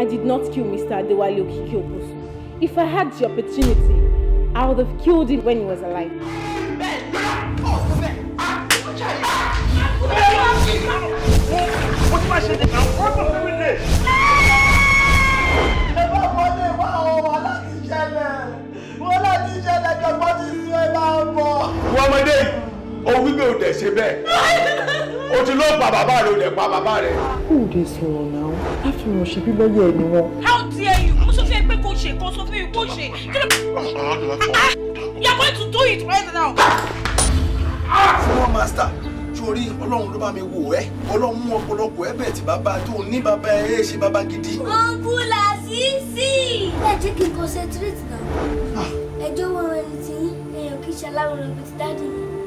I did not kill Mr. Adewale Okikiokusu. If I had the opportunity, I would have killed him when he was alive. What am I saying? I'm worth of doing this. Ẹ̀fọ́ kan lè wá ọ̀wọ́ láti ṣẹlẹ̀. Wọ́n láti ṣẹlẹ̀ jọ̀gbọ́n ti sún ẹ máa ń bọ̀. Wọ́n ọmọdé, òun gbígbé ò dẹ̀ ṣe bẹ́ẹ̀ o ti lọ pa bàbá rẹ o dẹ̀ pa bàbá rẹ. kò dé sọ̀rọ̀ náà láti ràn ṣe bí lọ́yẹ̀ ni wọn. how dare you mo sọ fún ẹ pé kò ṣe kan sọ fún mi kò ṣe. you are going to do it right now. fọwọ́ master torí ọlọ́run ló bá mi wò ẹ́ ọlọ́run mú ọ̀pọ̀lọpọ̀ ẹ bẹ́ẹ̀ tí bàbá tó ní bàbá ẹ ṣe bàbá gidi. ọ̀nkú là sí sí. ẹ jẹ́ kí n concentrate náà ah. ẹjọ́ wọn ẹni tí yín ẹ̀yàn kì í ṣe aláwòrán bíi ti dáàdi yìí.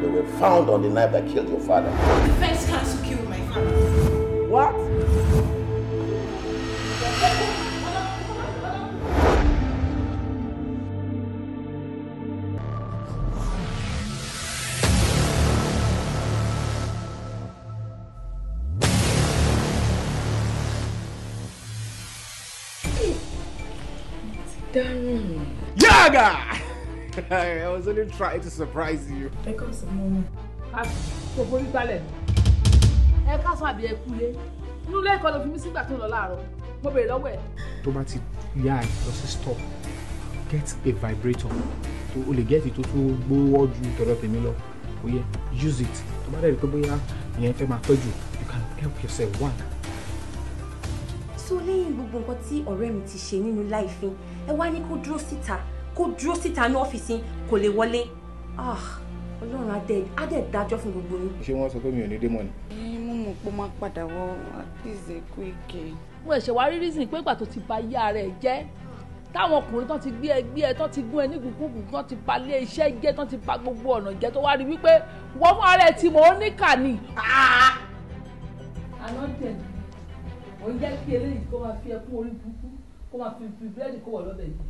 They were found on the knife that killed your father. The fence council killed my father. What? Jaga! I was only trying to surprise you. Ẹ kọ́ sọ mọ́ mi. A kò forí balẹ̀. Ẹ ká sọ àbí ẹ kú lé. Inú ilé ẹ̀kọ́ ló fi mí sígbà tó lọ láàárọ̀. Mo bèrè lọ́wọ́ ti yá lọ sí store, get a vibrator. To o lè gẹ́ẹ̀tì tó tún gbówó ju tọ̀dọ̀ tèmi lọ. O yẹ use it. To bá dẹ̀ rí pé bóyá ìyẹn fẹ́ máa you can help yourself one. So lẹ́yìn gbogbo nǹkan tí ọ̀rẹ́ mi ti ṣe nínú láìfin, ẹ wá ní kó dúró síta kó dúró síta ní ọ́fíìsì kò lè wọlé ah, ọlọ́run adẹ adẹ dájọ́ fún gbogbo yín. ṣé wọ́n sọ pé mi ò ní dé mọ́ ni. mo mọ̀ pé ó máa padà wọ àpèsè kú ike. mo ẹ̀ṣẹ̀ wá rí reason pé ìgbà tó ti ba iye ara ẹ̀ jẹ́ táwọn ọkùnrin tán ti gbé ẹ gbé ẹ tán ti gún ẹ nígbùkúgbù tán ti balẹ̀ iṣẹ́ jẹ́ tán ti ba gbogbo ọ̀nà jẹ́ tó wá rí wípé wọ́n fún ara ẹ̀ tí mò ń ní kà ni. Ah! àná dẹ̀ mo ń jẹ́ kí eléyìí kó máa fi ẹkún orí burúkú kó máa fi búrẹ́dì kó wọ̀ lọ́bẹ̀ yìí.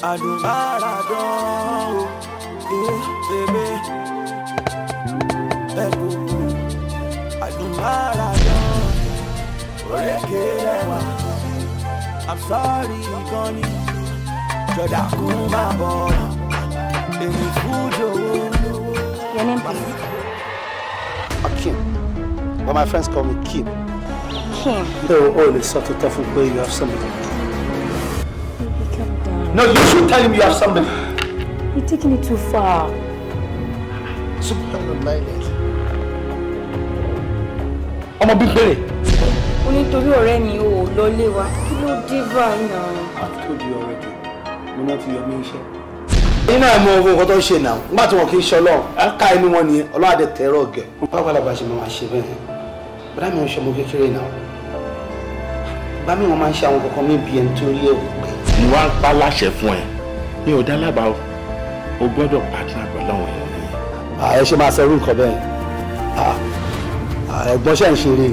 I do Adumaradon, yeah, eh, baby. Ẹ̀rù Adumaradon, oríkè eh, rẹwà. Eh, I'm sorry gan ni, jọ̀dá kún máa bọ̀, èmi fún jòwó. Your name, please? Akim. But my friends call me Kim. Kim? Oh, they will always sort of tough where you have somebody. Baby, calm down. No, you should tell him you have somebody. You're taking it too far. Subhanallah. Ọmọ bíbélé. O nítorí ọ̀rẹ́ mi ò lọ lé wa. Kí ló dé you náà? I've told you already. Mo náà your yọ mí nínú àìmọ ogun nǹkan tó ń ṣe náà nígbà tí wọn kì í ṣe Ọlọ́run ká inú wọn nìyẹn Ọlọ́run àdẹ gẹ. báwo la bá ṣe máa ṣe bẹ́ẹ̀ bàdá mi ò ṣọmọ kékeré náà bá mi wọn máa ń ṣe àwọn kankan mi bí ẹni tó rí ẹwù pé. mo wá ń pa láṣẹ fún ẹ mi ò dá lábàá o gbọ́dọ̀ pàtàkì pẹ̀lú àwọn èèyàn ààrẹ ṣe máa ṣerú nǹkan bẹ́ẹ̀ ẹ̀gbọ́n ṣe ń ṣeré.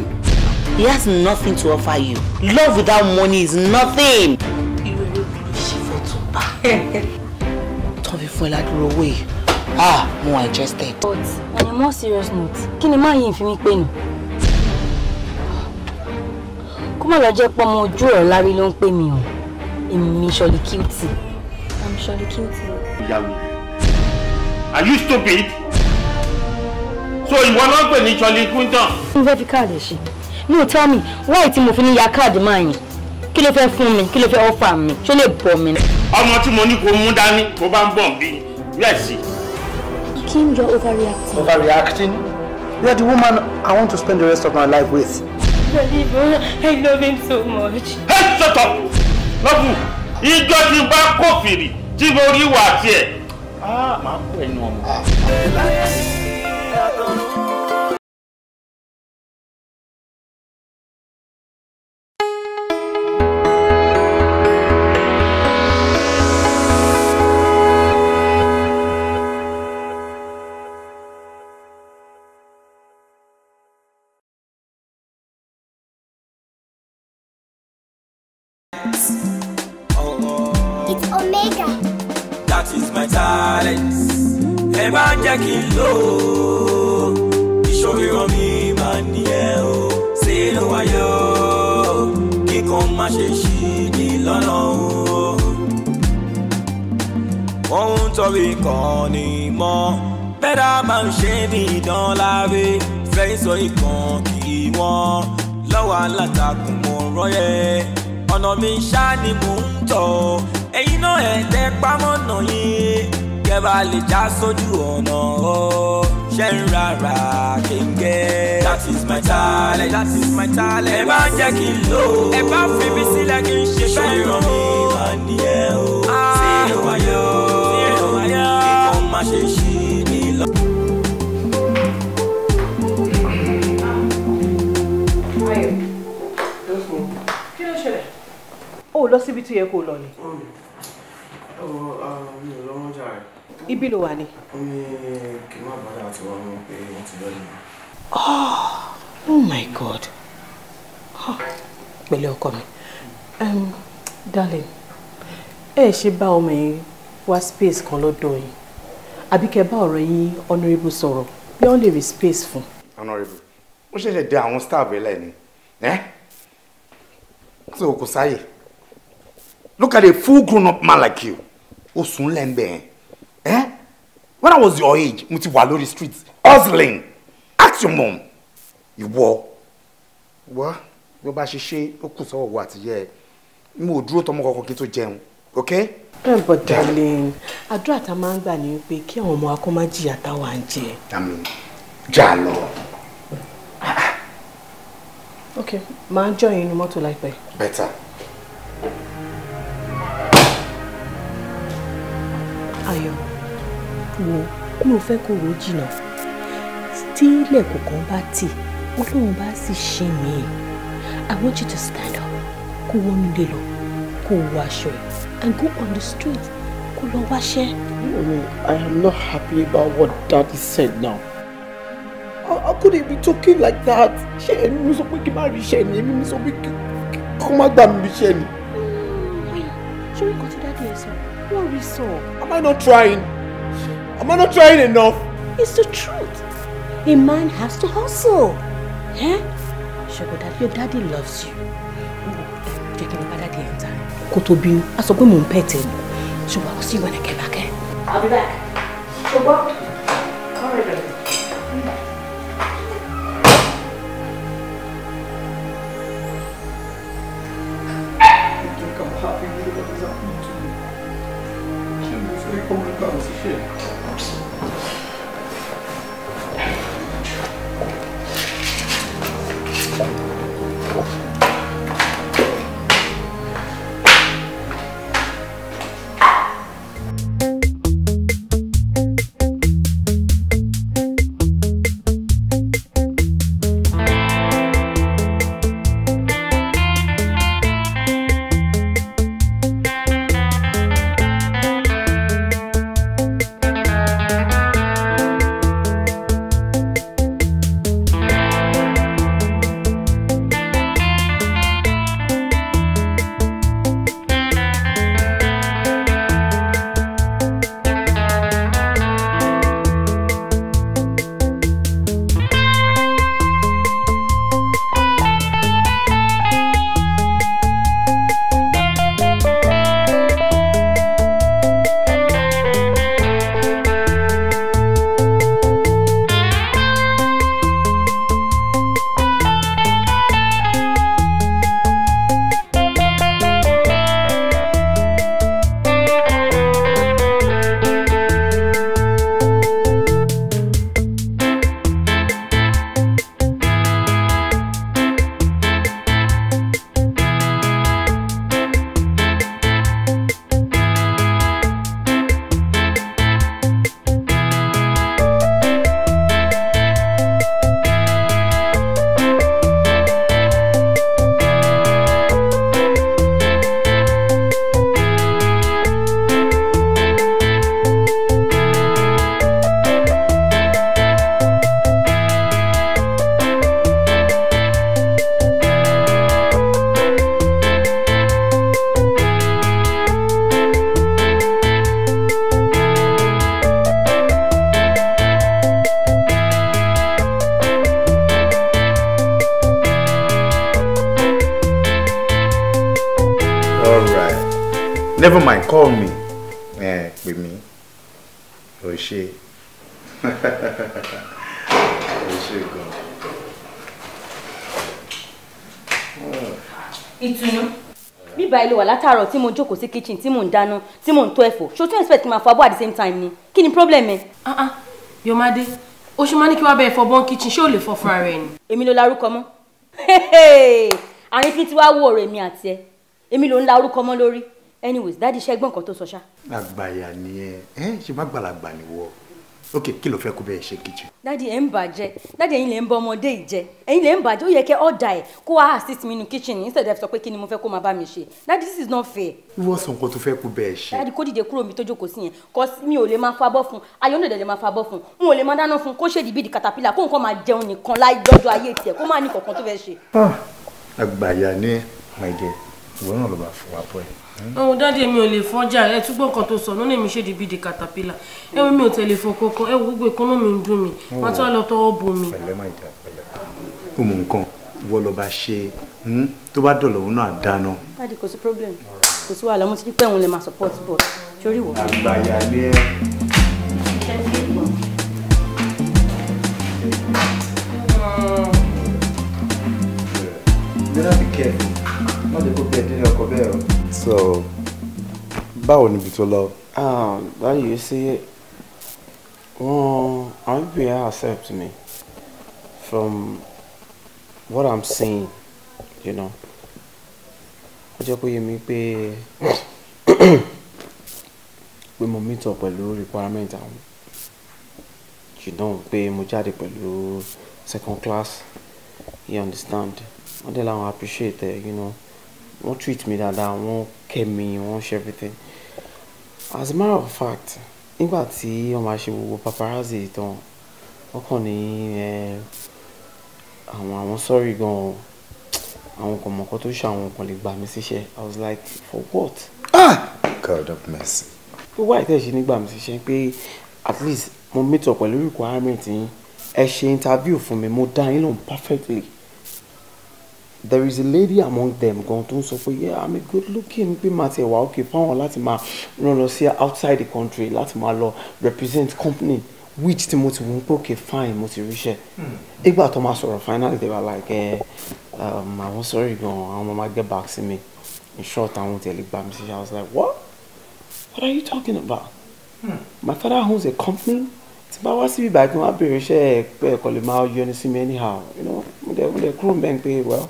he has nothing to offer you love without money is nothing. ìrẹ̀lẹ̀ bí tó fi fún ẹ ládùúró owó yìí ah mo wà interested. but on a more serious note kí ni máa yìí fi mí nù. kó má lọ jẹ́ pọ́ ọmọ ojú ọ̀rọ̀ lárí ló ń pè mí o èmi ṣọlí kíùtì. i'm ṣọlí kíùtì. ìyàwó are you stupid? so ìwọ náà pè ní ṣọlí kúntàn. n fẹ́ fi káàdì ṣe no tell me why tí mo fi ní ya káàdì máa yìn kí ló fẹ́ fún mi kí ló fẹ́ ọ́fà mi ṣó lè bọ̀ mi. ọmọ tí mo ní kó mú dání bó bá ń bọ̀ bí yes. Kim, you're overreacting. Overreacting? You're the woman I want to spend the rest of my life with. Believe I love him so much. Hey, shut up! Lọ́bù, ìjọ ti bá kófìrì tí mo rí wà tiẹ̀. Ah, màá kó ẹnu ọmọ. sójú ọ̀nà o ṣe ń rárá kéńgé. that is my talent. that is my talent. ẹ bá jẹ́ kí n lò ó. ẹ bá fi mi sílẹ̀ kí n ṣe bẹ́ẹ̀ lọ. ṣòro mi mà ní ẹ o. sí ìwà yọ. sí ìwà yọ. kíkan má ṣe ṣí mi lọ. o lọ síbi tó yẹ kó lọ ni. ibi ló wà ní. Ah, oh my god ah, pẹ̀lú ọkọ mi darling ẹ ṣe bá ọmọ yẹn wá space kan lọ́dọ̀ yìí àbí kẹ́ bá ọ̀rọ̀ yín honourable sọ̀rọ̀ bí wọ́n lè rí space fún. honourable ó ṣẹ̀ṣẹ̀ dé àwọn staff ẹ̀ lẹ́ni so kò sáyè look at a full grown up man like you ó sùn lẹ́ńbẹ̀ẹ́. Eh? When I was your age, mo ti wà lórí street hustling. Ask your mum. Ìwọ. Wọ́n bí ó bá ṣe ṣe ó kù sọ́wọ́ wo àtìyẹ́ ẹ̀. Mi ò dúró tọmọ kankan kí n tó jẹun. Okay? Ẹ bọ̀ darling, àdúrà tá a máa ń gbà ní pé kí àwọn ọmọ akọ́ máa jìyà táwa ń jẹ. Àmín. Jà lọ. Ok, màá jọ yín ní mọ́tò láìpẹ́. Bẹ́tà. Ayo wo mi ò fẹ́ kó ro jìnnà tí ilẹ̀kùn kan bá tì ọlọ́run bá sì ṣe mí i want you to stand up kó wọnú lè lọ kó wọ aṣọ ẹ and go on the street kó lọ wáṣẹ́. i am not happy about what daddy said now. How, could he be talking like that? ṣé ẹni mi sọ pé kí n má rí iṣẹ́ ni èmi mi sọ pé kí n má gbà mí iṣẹ́ ni. Hmm, ṣé orí kan ti dáàdi ẹ sọ wọ́n rí sọ. am i not trying. Am I not trying enough? It's the truth. A man has to hustle. Eh? Sugar daddy, your daddy loves you. Jẹ́ kí n bá the ẹ̀ ta. Kò I bínú, a sọ pé Sugar, ń see you when I get back. Eh? I'll be back. Sugar. látàárọ̀ tí mo jókòó sí kitchen tí mò ń dáná tí mò ń tó ẹ̀fọ́ ṣo tún expect máa fọ abọ́ at the same time ni kí ni problem ẹ. Ah, ah, Yomade o máa ní kí wàá bẹ ẹ̀fọ́ bọ́n kitchen ṣé o lè fọ fúnra rẹ ni. èmi ló larúkọ mọ́ àárín kí tí wàá wò ọ̀rọ̀ èmi àti ẹ èmi ló ń larúkọ mọ́ lórí anyways dáàdi iṣẹ́ gbọ́n kan tó sọ ṣá. àgbàyà ni ẹ ẹ ṣe má gbàlagbà ni wọ́ọ́ ok kí ló fẹ́ kó bẹ́ẹ̀ ṣe kitchen. dádì ẹ̀ ń bàjẹ́ dádì ẹ̀yin lè ń bọ ọmọdé yìí jẹ ẹ̀yin lè ń bàjẹ́ ó yẹ kẹ́ ọ̀dà ẹ̀ kó wá assist mi nínú kitchen instead of sọ pé kí ni mo fẹ́ kó máa bá mi ṣe dádì this is not fair. ìwọ sọ nǹkan tó fẹ́ kó bẹ́ẹ̀ ṣe. dádì kó dìde kúrò mi tó jókòó sí yẹn kọ mi ò lè máa fabọ́ fún ayọ́nùdẹ̀ lè máa fabọ́ fún n ò lè máa dáná fún kó ṣèdí bíi di katapila kó nǹkan máa jẹun nìkan láì lọ́jọ́ ayé tiẹ̀ kó má ní kọ̀ọ̀kan tó fẹ́ ìwọ náà ló bá fi wá pọ̀ ẹ̀. ohun dáadé mi ò lè fọ́jà ẹ túbọ̀ kan tó sọ náà lèmi ṣèdí bíi di katapila ẹ wo mi ò tẹ̀lé fọ kankan ẹ gbogbo ìkọ́nà mi ń dùn mí wọn tó wà lọ tọwọ́ bo mi. pẹ̀lẹ́ máa jà pẹ̀lẹ́ kó nǹkan ìwọ ló bá ṣe hmm? tó bá dọ̀lọ̀ òun náà dáná. dáàdi kò sí problem kò sí wàhálà mo ti dípẹ́ òun lè máa support bọ̀ sórí ìwọ. àgbàyà hmm. be careful má jẹ́ kó bí ẹdín ọkọ bẹ́ẹ̀ o. so báwo níbi tó lọ. Ah, báyìí you see wọn àwọn ìgbìyà accept me from what i'm saying you know ó jẹ́ kó yé mi pé pé mo meet up pẹ̀lú requirement àwọn you know pé mo jáde pẹ̀lú second class you understand wọ́n dẹ̀ làwọn appreciate ẹ̀ you know wọ́n treat me dáadáa wọ́n kẹ́ me. wọ́n ṣe everything as a matter of fact nígbà tí wọ́n máa ṣe gbogbo paparazzi tán wọ́n kàn ní àwọn àwọn sorry gan o àwọn kan mọ̀ọ́kọ́ tó ṣe àwọn kan lè gbà mí síṣẹ́ i was like for what. ah god of mercy. gbogbo àìtẹ́ ṣe nígbà mi ṣiṣẹ́ pé at least mo meet up pẹ̀lú requirement yín ẹ ṣe interview fún mi mo dá yín lóhùn perfectly there is a lady among them gan tó ń sọ pé yeah i'm a good looking pé màá tiẹ̀ wá òkè fáwọn láti máa ràn lọ sí outside the country láti máa lọ represent company which tí mo ti wọ́n pé òkè fine mo ti ríṣẹ́ ìgbà hmm. tó máa sọ̀rọ̀ finally they were like eh, um, àwọn sorry gan àwọn máa get back sí mi in short àwọn tẹ̀lé gbà mí sí i was like what what are you talking about hmm. my father owns a company tí bá wá síbi báyìí kí wọ́n á bèrè iṣẹ́ ẹ̀kọ́ lè máa yọni sí mi anyhow you know mo dẹ̀ kúrò mbẹ́ ń pé well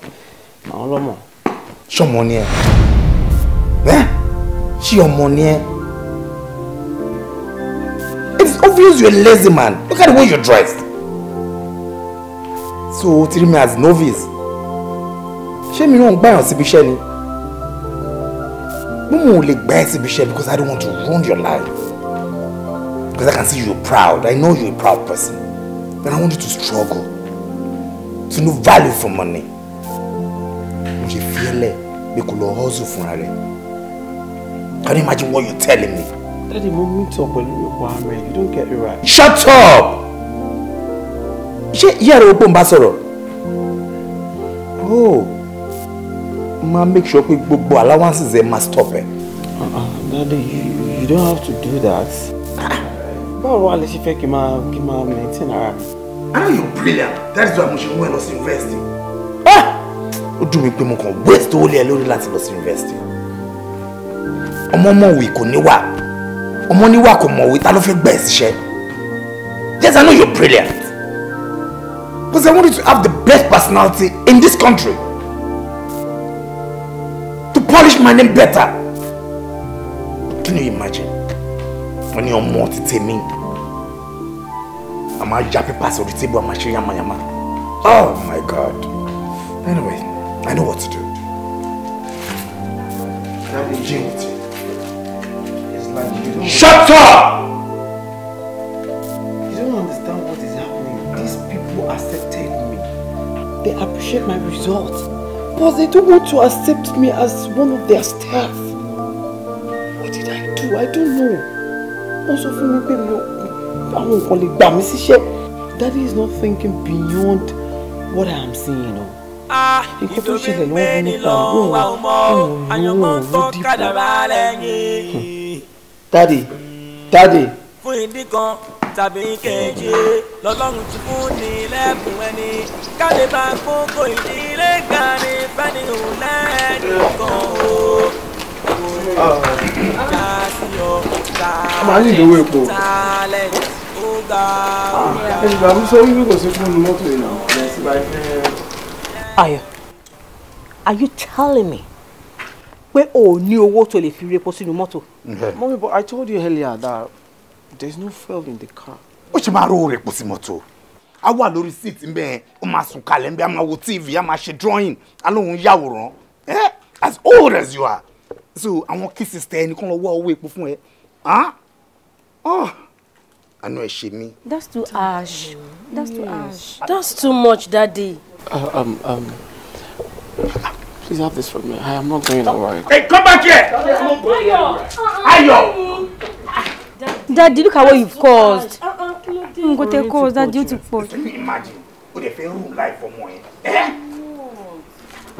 àwọn ọlọ́mọ. ṣọmọ ni ẹ ẹ ṣí ọmọ ni ẹ it's obvious you're a lazy man look at the way you're dressed so o ti rí mi as novice ṣé mi náà ń gbàyàn síbi iṣẹ́ ni mo mò ń lè gbà síbi iṣẹ́ because I don't want to ruin your life because I can see you're proud I know you're a proud person but I want you to struggle to know value for money mo ṣe fi ẹ́ lẹ̀ hustle fúnra rẹ̀ can you imagine what you're telling me. Daddy, mo meet up pẹ̀lú ìyókù ara rẹ̀ you don't get it right. shut up ṣé ìyá rẹ̀ ogbó ń bá oh máa make sure pé gbogbo allowances ẹ̀ máa stop ẹ̀. Uh-uh, Daddy, you, you don't have to do that. báwo wà lè ṣe fẹ́ kí n máa maintain ara. I know you're brilliant that is why mo ṣe mú ẹ lọ sí university ó dùn mí pé mo kàn waste owó lé ẹ lórí láti lọ sí university ọmọ mọ̀wé kò níwà ọmọ níwà kò mọ̀wé ta ló fẹ́ gbà ẹ́ síṣẹ́ yes I know you're brilliant because I want you to have the best personality in this country to polish my name better can you imagine wọ́n ní ọmọ ti tèmi àmọ́ ajá pípa sórí tébù àmọ́ ṣe oh my God anyway. I know what to do. That agility is like you don't... Shut up! You don't understand what is happening. These people accepted me. They appreciate my results. But they don't want to accept me as one of their staff. What did I do? I don't know. Also, for me, mi pé mi ò àwọn nǹkan Daddy is not thinking beyond what I am seeing. You know ikú ah, tó ṣẹlẹ̀ ló ń nípa àwọn àwọn òwò dìbò. dádì dádì. fún ìdí kan tàbí kejì lọ́lọ́run ti fún ní lẹ́kùn ẹni káde bá kókó ìdílé gani fẹ́ni òun lẹ́ẹ̀dì kan o. Màá ní ìdówó epo. Ah, Ẹnìgbà mi sọ wípé kò sí fún mi mọ́tò yìí. Ayọ̀, are you telling me pé o ní owó tó lè fi repo sínú mọ́tò? Mummy, but I told you earlier that there's no fuel in the car. Ó ṣe máa rówó repo sí mọ́tò. A wà lórí seat ń bẹ́ẹ̀, ó máa sùn kalẹ̀ ń a máa wo TV, a máa ṣe drawing, a lóun yàwòrán. As old as you are. So àwọn kí sister ẹnìkan lọ wá owó epo fún ẹ. Oh àánú ẹ ṣe mí. that's too harsh that's too harsh. that's too much daddy. Uh, um, um, please have this from me. I am not going anywhere. Hey, come back here! Ayo! Ayo! Daddy, look at what you've caused. I'm going to cause Daddy to cause. Can you imagine? Ó dẹ̀ fẹ́ rule life for more. Eh?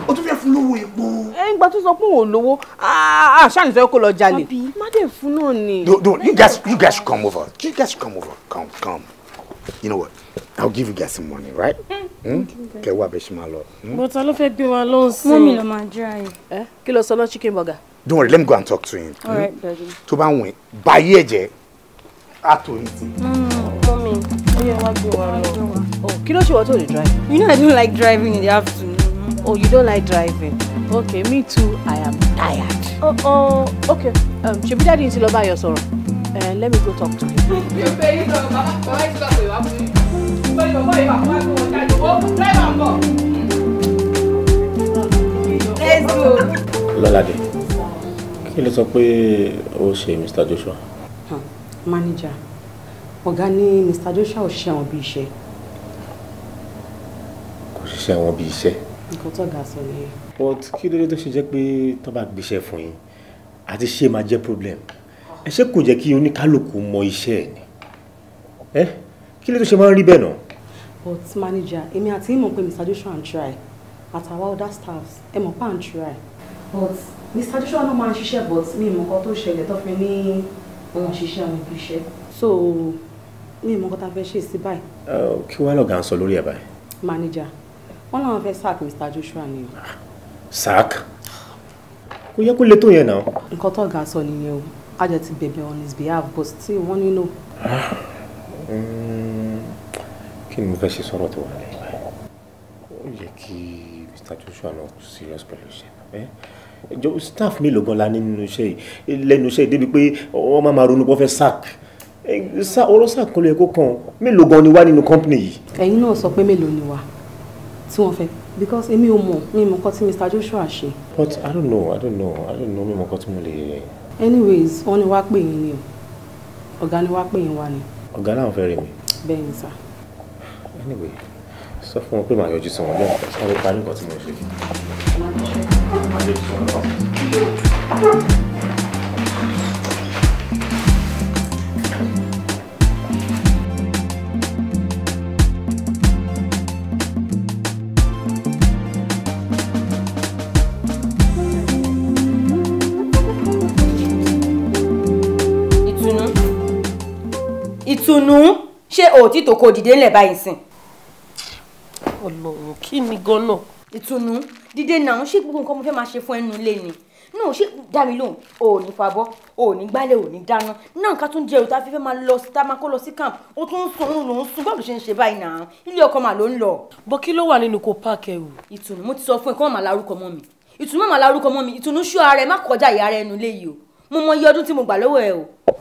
Ó tún fẹ́ fún lówó epo. Eh, ìgbà tó sọ pé ó lówó. Ah, ah, ṣá ni sọ kó lọ jalè. Abi, má dẹ̀ fún náà ni. No, no, you guys, you guys come over. You guys come over. Come, come. You know what? I'll give you guys some money, right? Mm. Hmm? Kẹ wá bẹ ṣe máa lọ. Hmm? Bọ́tà ló fẹ́ gbé wa lọ sí. Mọ́mí ló drive. Eh? kí ló sọ chicken burger? Don't worry, let me go and talk to him. Hmm? All right, daddy. To ban wìn, buy ẹ̀jẹ̀, á tó yìí ti. Mọ́mí, ó yẹ wá gbé wa lọ. Oh, kí ló ṣe wọ́n drive? You know I don't like driving in the afternoon. Oh, you don't like driving? Okay, me too. I am tired. Oh, oh, okay. Um, ṣebí dáàdi ń ti lọ bá ayọ̀ sọ̀rọ̀. Eh, let me go talk to him. Bí o fẹ́ yí why is bàbá yìí ti Lọ́ládé, kí ló sọ pé ó ṣe Mr. Joshua? Máníjà, ọ̀gá ní Mr. Joshua ò ṣe àwọn bí iṣẹ́. Kò ṣiṣẹ́ àwọn bí iṣẹ́. Nǹkan tó ga sọ nìyẹn. But kí ló dé tó ṣe jẹ́ pé tó bá gbéṣẹ́ fún yín àti ṣé máa jẹ́ problem? Ẹ ṣé kò jẹ́ kí oníkálukú mọ iṣẹ́ ẹ̀ ni? Ẹ kí ló tó ṣe máa ń rí bẹ́ẹ̀ náà? but manager èmi àti ìmọ̀ pé Mr. Joshua ń try àtàwọn other staffs ẹ mọ̀ pa ń try but Mr. Joshua náà máa ń ṣiṣẹ́ but mi ìmọ̀ kan tó ṣẹlẹ̀ tó fi ní òun ṣiṣẹ́ àwọn ibi iṣẹ́ so mi ìmọ̀ kan tá a fẹ́ ṣe sí báyìí. Uh, kí wàá lọ́gàá ń sọ lórí ẹ̀ báyìí. manager wọn làwọn fẹ́ sack Mr. Joshua ni o. Ah, sack kò yẹ kó le tó yẹn náà. nǹkan tó ga sọ nìyẹn o a jẹ ti bẹ̀bẹ̀ on his behalf but still wọ́n nínú. Ah, mm kí ni mo fẹ́ ṣe sọ̀rọ̀ tó wà lẹ́yìn báyìí ó yẹ kí Mr. Joshua náà kú serious pẹ̀lú iṣẹ́ náà staff mélòó gan la ní nínú iṣẹ́ yìí lẹ́nu iṣẹ́ yìí débi pé wọ́n máa máa ronú pé fẹ́ sack ọ̀rọ̀ sack kan ló yẹ kó kàn mélòó gan ni wá nínú company yìí. ẹ̀yin náà sọ pé mélòó ni wá tí wọ́n fẹ́ because èmi ò mọ̀ mi mọ̀ nǹkan tí Mr. Joshua ṣe. but I don't know I don't know I don't know mi mọ̀ nǹkan tí mo lè. anyways wọ́n ní wá pè yín ni o ọ̀gá ni wá pè yín wá ni. ọ̀gá náà fẹ́ rí mi. bẹ́ẹ̀ ni anyway sọ fún wọn pé màá yọjú sí wọn lẹ́yìn tí wọ́n lè parí nǹkan tí mo ṣe. ìtùnú ìtùnú ṣé òòtítọ́ kò dìde ńlẹ̀ báyìí sìn. Ọlọ́run kí ni ganan. ìtùnú dídé náà ṣé gbogbo nǹkan mo fẹ́ máa ṣe fún ẹnu ilé ni náà ṣé dá mi lóhùn ò ní fàbọ́ ò ní gbálẹ̀ ò ní dáná náà nǹkan tún jẹ́ òtá fífẹ́ máa lọ síta máa kó lọ sí camp ó tún ń sun òun ló ń sun báwo ló ṣe ń ṣe báyìí náà ilé ọkọ mà ló ń lọ. bọ́ kí ló wà nínú kó páàkì ẹrù. ìtùnú mo ti sọ fún ẹ kó má má larúkọ mọ́ mi ìtùnú má má larúkọ mọ́ mi ìtùnú ṣú ara ẹ má kọjá ìyá rẹ ẹnu léyìí o mo mọ iye ọdún tí mo gbà lọ́wọ́ ẹ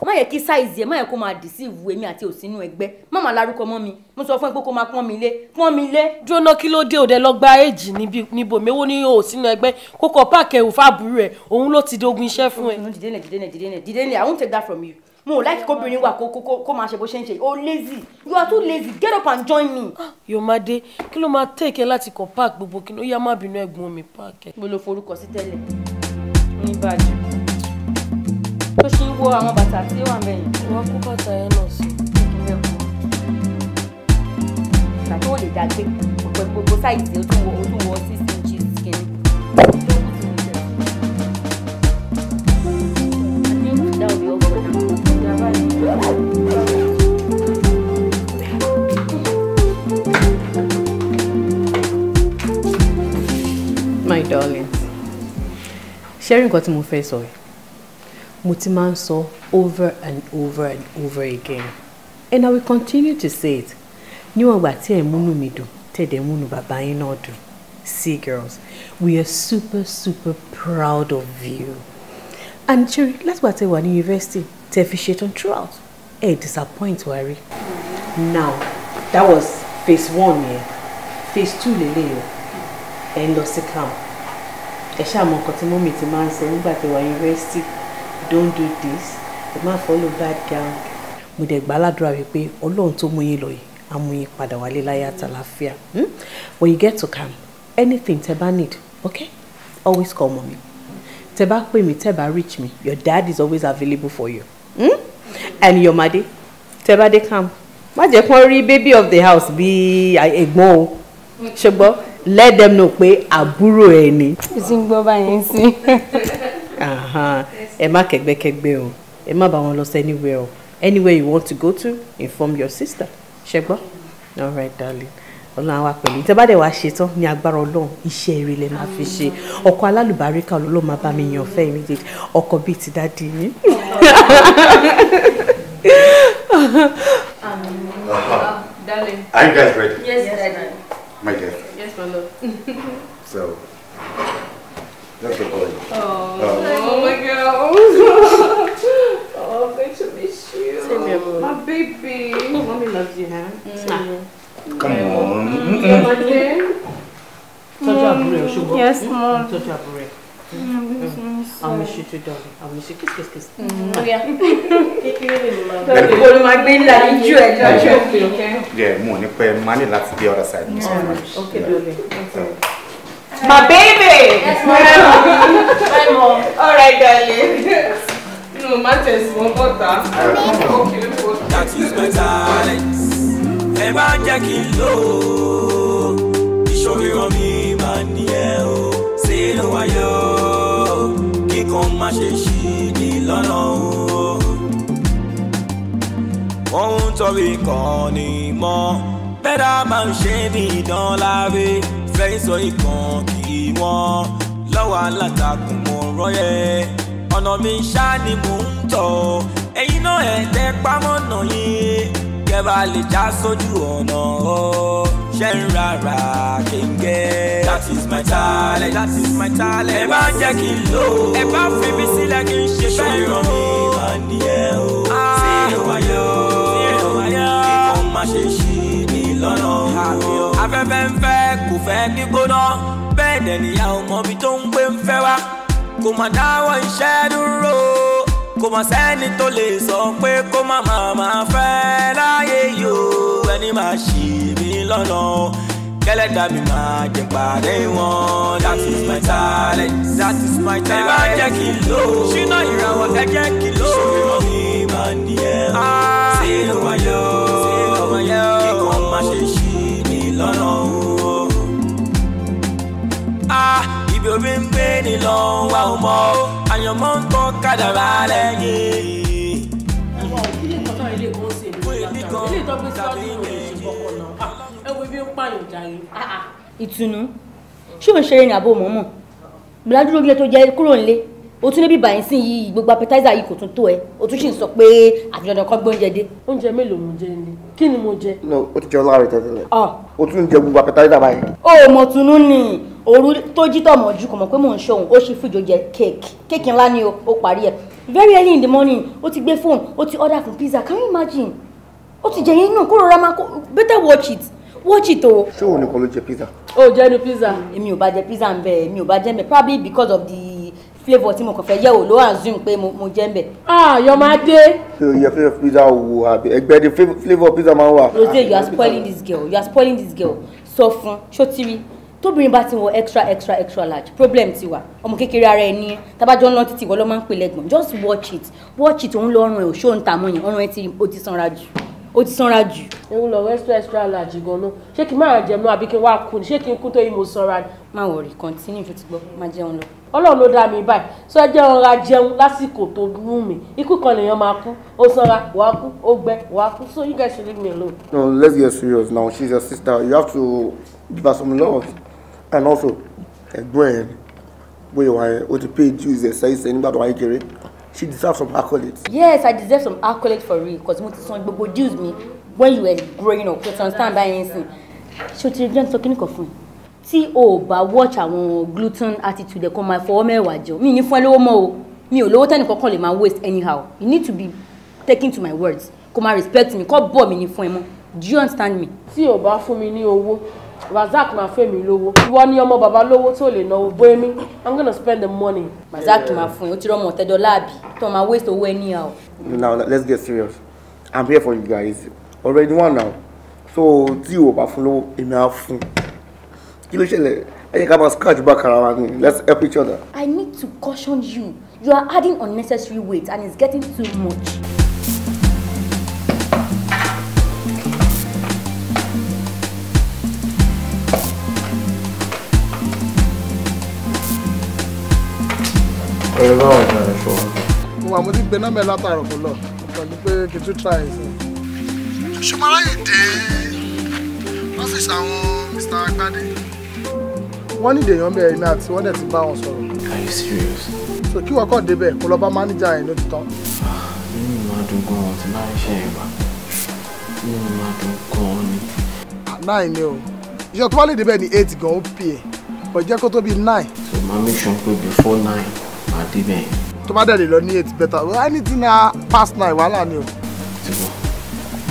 o má yẹ kí size ẹ má yẹ kó máa deceive èmi àti òsínú ẹgbẹ́ má máa larúkọ mọ́ mi mo sọ fún ẹ pé kó máa pọ́n mi lé pọ́n mi lé. jóná kí ló dé òde lọ́gbà èjì níbo mẹ́wó ní òsínú ẹgbẹ́ kókò páàkì ẹ̀wò fáàbùrù ẹ̀ òun ló ti dogun iṣẹ́ fún ẹ. dìde nẹ dìde nẹ dìde nẹ dìde nẹ I won't take that from you mo like kóbìnrin wa kó kó kó máa ṣe bó ṣe ń ṣe o lazy you are too lazy get up and join me. yomade kí ló máa tẹ̀kẹ́ láti kọ́ park gbogbo kí ló yá má bínú ẹ̀gbọ́n mi park ẹ̀. mo lo forúkọ sí tẹ́lẹ̀ ní báyìí wo àwọn bàtà tí ó wà mẹ́yìn. wọ́n kú bàtà yẹn náà sí. kí lè kú. ìgbà tí wọ́n lè dàgbé gbogbo gbogbo sáìtì ó tún wọ ó tún skin. my darling ṣé rí nǹkan tí mo fẹ́ mo ti máa ń sọ over and over and over again and I will continue to say it níwọ̀n ìgbà tí ẹ̀ múnú mi dùn tẹ̀dẹ̀ múnú bàbá yín náà dùn see girls we are super super proud of you and cherry látìgbà tẹ wà ní yunifásitì tẹ fi ṣetán throughout ẹ disappoint wa rí now that was phase one yẹn phase two lélẹ́yìn ẹ̀ ń lọ sí camp ẹ̀ ṣáà mọ nǹkan tí mọ́mì ti máa ń sọ nígbà tẹ wà yunifásitì don't do this ẹ má follow that girl. mo dẹ̀ gbà ládùúrà wípé ọlọ́run tó mú yín lọ yìí á mú yín padà wálé láyé àtàlàáfíà hmm? when you get to camp anything tẹ bá need okay always call mommy tẹ bá pè mí tẹ bá reach me your dad is always available for you hmm? and your madi tẹ bá dé camp má jẹ́ kán rí baby of the house bí ẹ̀gbọ́n o ṣùgbọ́n let them know pé àbúrò ẹ̀ ni. ìsìn gbọ́ báyẹn sí. ẹ má kẹgbẹ́kẹgbẹ́ o ẹ má bá wọn lọ sí anywhere o anywhere you want to go to inform your sister ṣe gbọ́ all right darling ọlọ́run àwa pẹ̀lú tẹ́ bá dẹ̀ wá ṣe tán ní agbára ọlọ́run iṣẹ́ eré lẹ máa fi ṣe ọkọ alálùbáríkà ọlọ́run máa bá mi yàn fẹ́ méjèèjì ọkọ bíi ti dáàdi mi. Um, Are you guys ready? Yes, yes My dear. Yes, my love. so, that's the point. Oh, um, oh, I'm going to miss you. My baby. Mommy loves you, huh? Mm. Come yeah. on. Mm. Yeah, my sugar. Yes, Mom. Touch I'll miss you too, darling. I'll miss you. Kiss, kiss, kiss. Mm. Oh, yeah. my okay? Yeah, Moni, money, that's the other side. Okay, darling. Okay. my baby. Yes, my mom. my mom. All right, darling. No, matters one butter. That is my talent. Ẹ máa jẹ́ kí n lò ó. Ìṣòro mi máa ní ẹ o. Ṣé ló wáyọ̀? Kíkan má ṣe ṣì ní lọ́nà o. Wọ́n ń tọrọ ìkànnì mọ́. Bẹ́ẹ̀ dá máa ń ṣe ní wọn lọ́wọ́ alátakùn mọ̀ ọ̀rọ̀ yẹ ọ̀nà mi ṣá ni mò ń tọ̀ ẹ̀yin náà ẹ̀ tẹ́ pámọ́nà yín kẹ́ lè já sójú ọ̀nà ọ́ ṣe ń rárá kéńgẹ́. that is my talent that is my talent. ẹ bá jẹ́ kí n lò ó ẹ bá fi mi sílẹ̀ kí n ṣe bẹ́ẹ̀ lọ. ṣòro mi máa ní ẹ o sí ah, ìwáyọ̀ sí ìwáyọ̀ kíkan má ṣe ṣì ní lọ́nà o. ń fẹ́ kò fẹ́ gbígbóná bẹ́ẹ̀ dẹ̀nìyà ò tó ń gbé ń fẹ́ wá kò mà dáwọ́ iṣẹ́ dúró kò mà sẹ́ni tó lè sọ pé kó má máa máa fẹ́ láyé yìí ẹni máa ṣì mí lọ́nà kẹlẹ́dà mi máa jẹ pàdé wọn. that is my talent. that is my talent. ẹ bá jẹ́ kí n lò. ṣínà ìràwọ̀ ẹ jẹ́ kí n lò. ṣòro mọ́ mi máa ní ẹ. sí ló wáyé o. sí ló wáyé kíkan má ṣe ṣì mí lọ́nà o. Ah, ibi orí ń gbé ni lọ wá o mọ o àyànmọ́ ń kọ́ kádàrá lẹ́yìn. ẹ̀wọ̀n ìdílé kan sọ ilé kan sí èmi ìgbà ilé ìtọ́gbé síwájú ìròyìn ìṣùpọ̀pọ̀ náà ah, ẹ wo ibi ń pààyàn jàre. Ah, ìtùnú ṣé òun ṣeré ni àbò mọ́mọ́ bùrádúró ilé tó jẹ́ kúrò nílé o tún débi báyìí sí yìí gbogbo appetizer yìí kò tún tó ẹ o tún sì ń sọ pé àfihàn kan gbé oúnjẹ dé. oúnjẹ mélòó mo jẹ ni kí ni mo jẹ. no o ti jẹ ọlọ́run tẹ́tẹ́lẹ̀. Ah. o tún jẹ gbogbo appetizer báyìí. o mọ̀ tunu ni òru tó jí tọ̀mọ̀ ju kò mọ̀ pé mò ń ṣohun ó ṣe fújò jẹ kéèkì kéèkì ńlá ni o parí ẹ̀ very early in the morning o ti gbé phone o ti order fún pizza can you imagine o ti jẹ yẹn náà kó rọra máa kó better watch it watch it o. ṣé òun nìkan ló jẹ pizza. o jẹ́ nu pizza. èmi ò bá jẹ pizza ń bẹ̀ èmi ò bá jẹ́ ń bẹ̀ probably because of the flavour tí mo kàn fẹ́ yẹ̀ wò ló assume pé mo jẹ́ ń bẹ̀. Ah, Yọ̀mádé. ṣé o yẹ flavour pizza wo àbí ẹgbẹ́ ni flavour pizza máa ń wà. Rose you are spoiling this girl you are spoiling this girl sọ fún ṣótìrí tóbìnrin bá ti wọ extra extra extra large problem ti wà ọmọ kékeré ara ẹ ní tabajọ ńlọ títí wọ́n ló máa ń pè lẹ́gbọ̀n just watch it watch it òun lọ́rùn ẹ̀ òṣòǹtàmọ́yìn ọ̀rùn ẹ̀ ti sanra jù ó ti sanra jù. ewu lọ extra extra large gan náà ṣé kí n máa jẹ mọ àbí kí n wá kú ni ṣé kí n kú tó yí mo sanra ni. má wọrí kọ́ntínú tó ti gbọ́ má jẹun lọ. ọlọ́run ló dá mi báyìí sọ ẹ jẹ́ ọ̀ra jẹun lásìkò tó wù mí ikú kan lèèyàn máa kú ó sanra wàá kú ó gbẹ wàá kú so you guys should leave me alone. no let's get serious now she's your sister you have to give her some love and also ẹ̀gbọ́n ẹ̀ bóyá wà ó ti pay dues ẹ̀ sẹ́yìn sẹ́yìn nígbà tó wáyé kéré she deserves some accolades. yes i deserve some accolades for real cos mo ti san gbogbo dues mi when you were growing up to understand by anything ṣé you ti rí gbẹ́ni sọ kíní kan fún mi tí o bá watch àwọn gluten attitude ẹ̀kọ́ máa fọwọ́ mẹ́wàá jẹun mi ní fún ẹ lówó mọ́ o mi ò lówó tẹ́nì kankan lè máa waste anyhow you need to be taking to my words kó máa respect me. kó bọ̀ mi ní fún ẹ mọ́ do you understand me. tí o bá fún mi ní owó razak máa fẹ́ mi lówó ìwọ ni ọmọ bàbá lówó tó lè náwó bó èmi i'm gonna spend the money. razak máa fún yín ó ti rọ́mọ ọ̀tẹ́jọ́ láàbì tó máa waste owó ẹni o. now let's get serious i'm here for you guys already one now so tí o bá fún lówó èmi á fún kí ló ṣẹlẹ̀ ẹ̀yin ká máa scratch back ara wa ni let's help each other. i need to caution you you are adding unnecessary weight and it's getting too much. ẹ bá wọn jà ẹṣọ. mo wà mo ti gbẹ nọmẹ látàrọ̀ kò lọ pẹ̀lú pé kì try ẹ sọ. ṣùgbọ́n láyè Mr. Agbade. wọ́n ní ìdèyàn bẹ́ẹ̀ iná àti wọ́n dẹ̀ ti bá wọn sọ̀rọ̀. Are you serious? so you are kàn débẹ̀ kó lọ bá mánéjà ẹ̀ ló ti tán. nínú ìmọ̀ àdúgbò wọn ti máa ń ṣe ìgbà ah, nine ni o iṣẹ́ tó bá lè eight gan-an ó pè é ọ̀jẹ́ kó nine. so my mission sure be before nine máa dé bẹ́ẹ̀. tó bá dẹ̀ lè lọ ní eight better well anything na past nine wàhálà ni o. ti bọ̀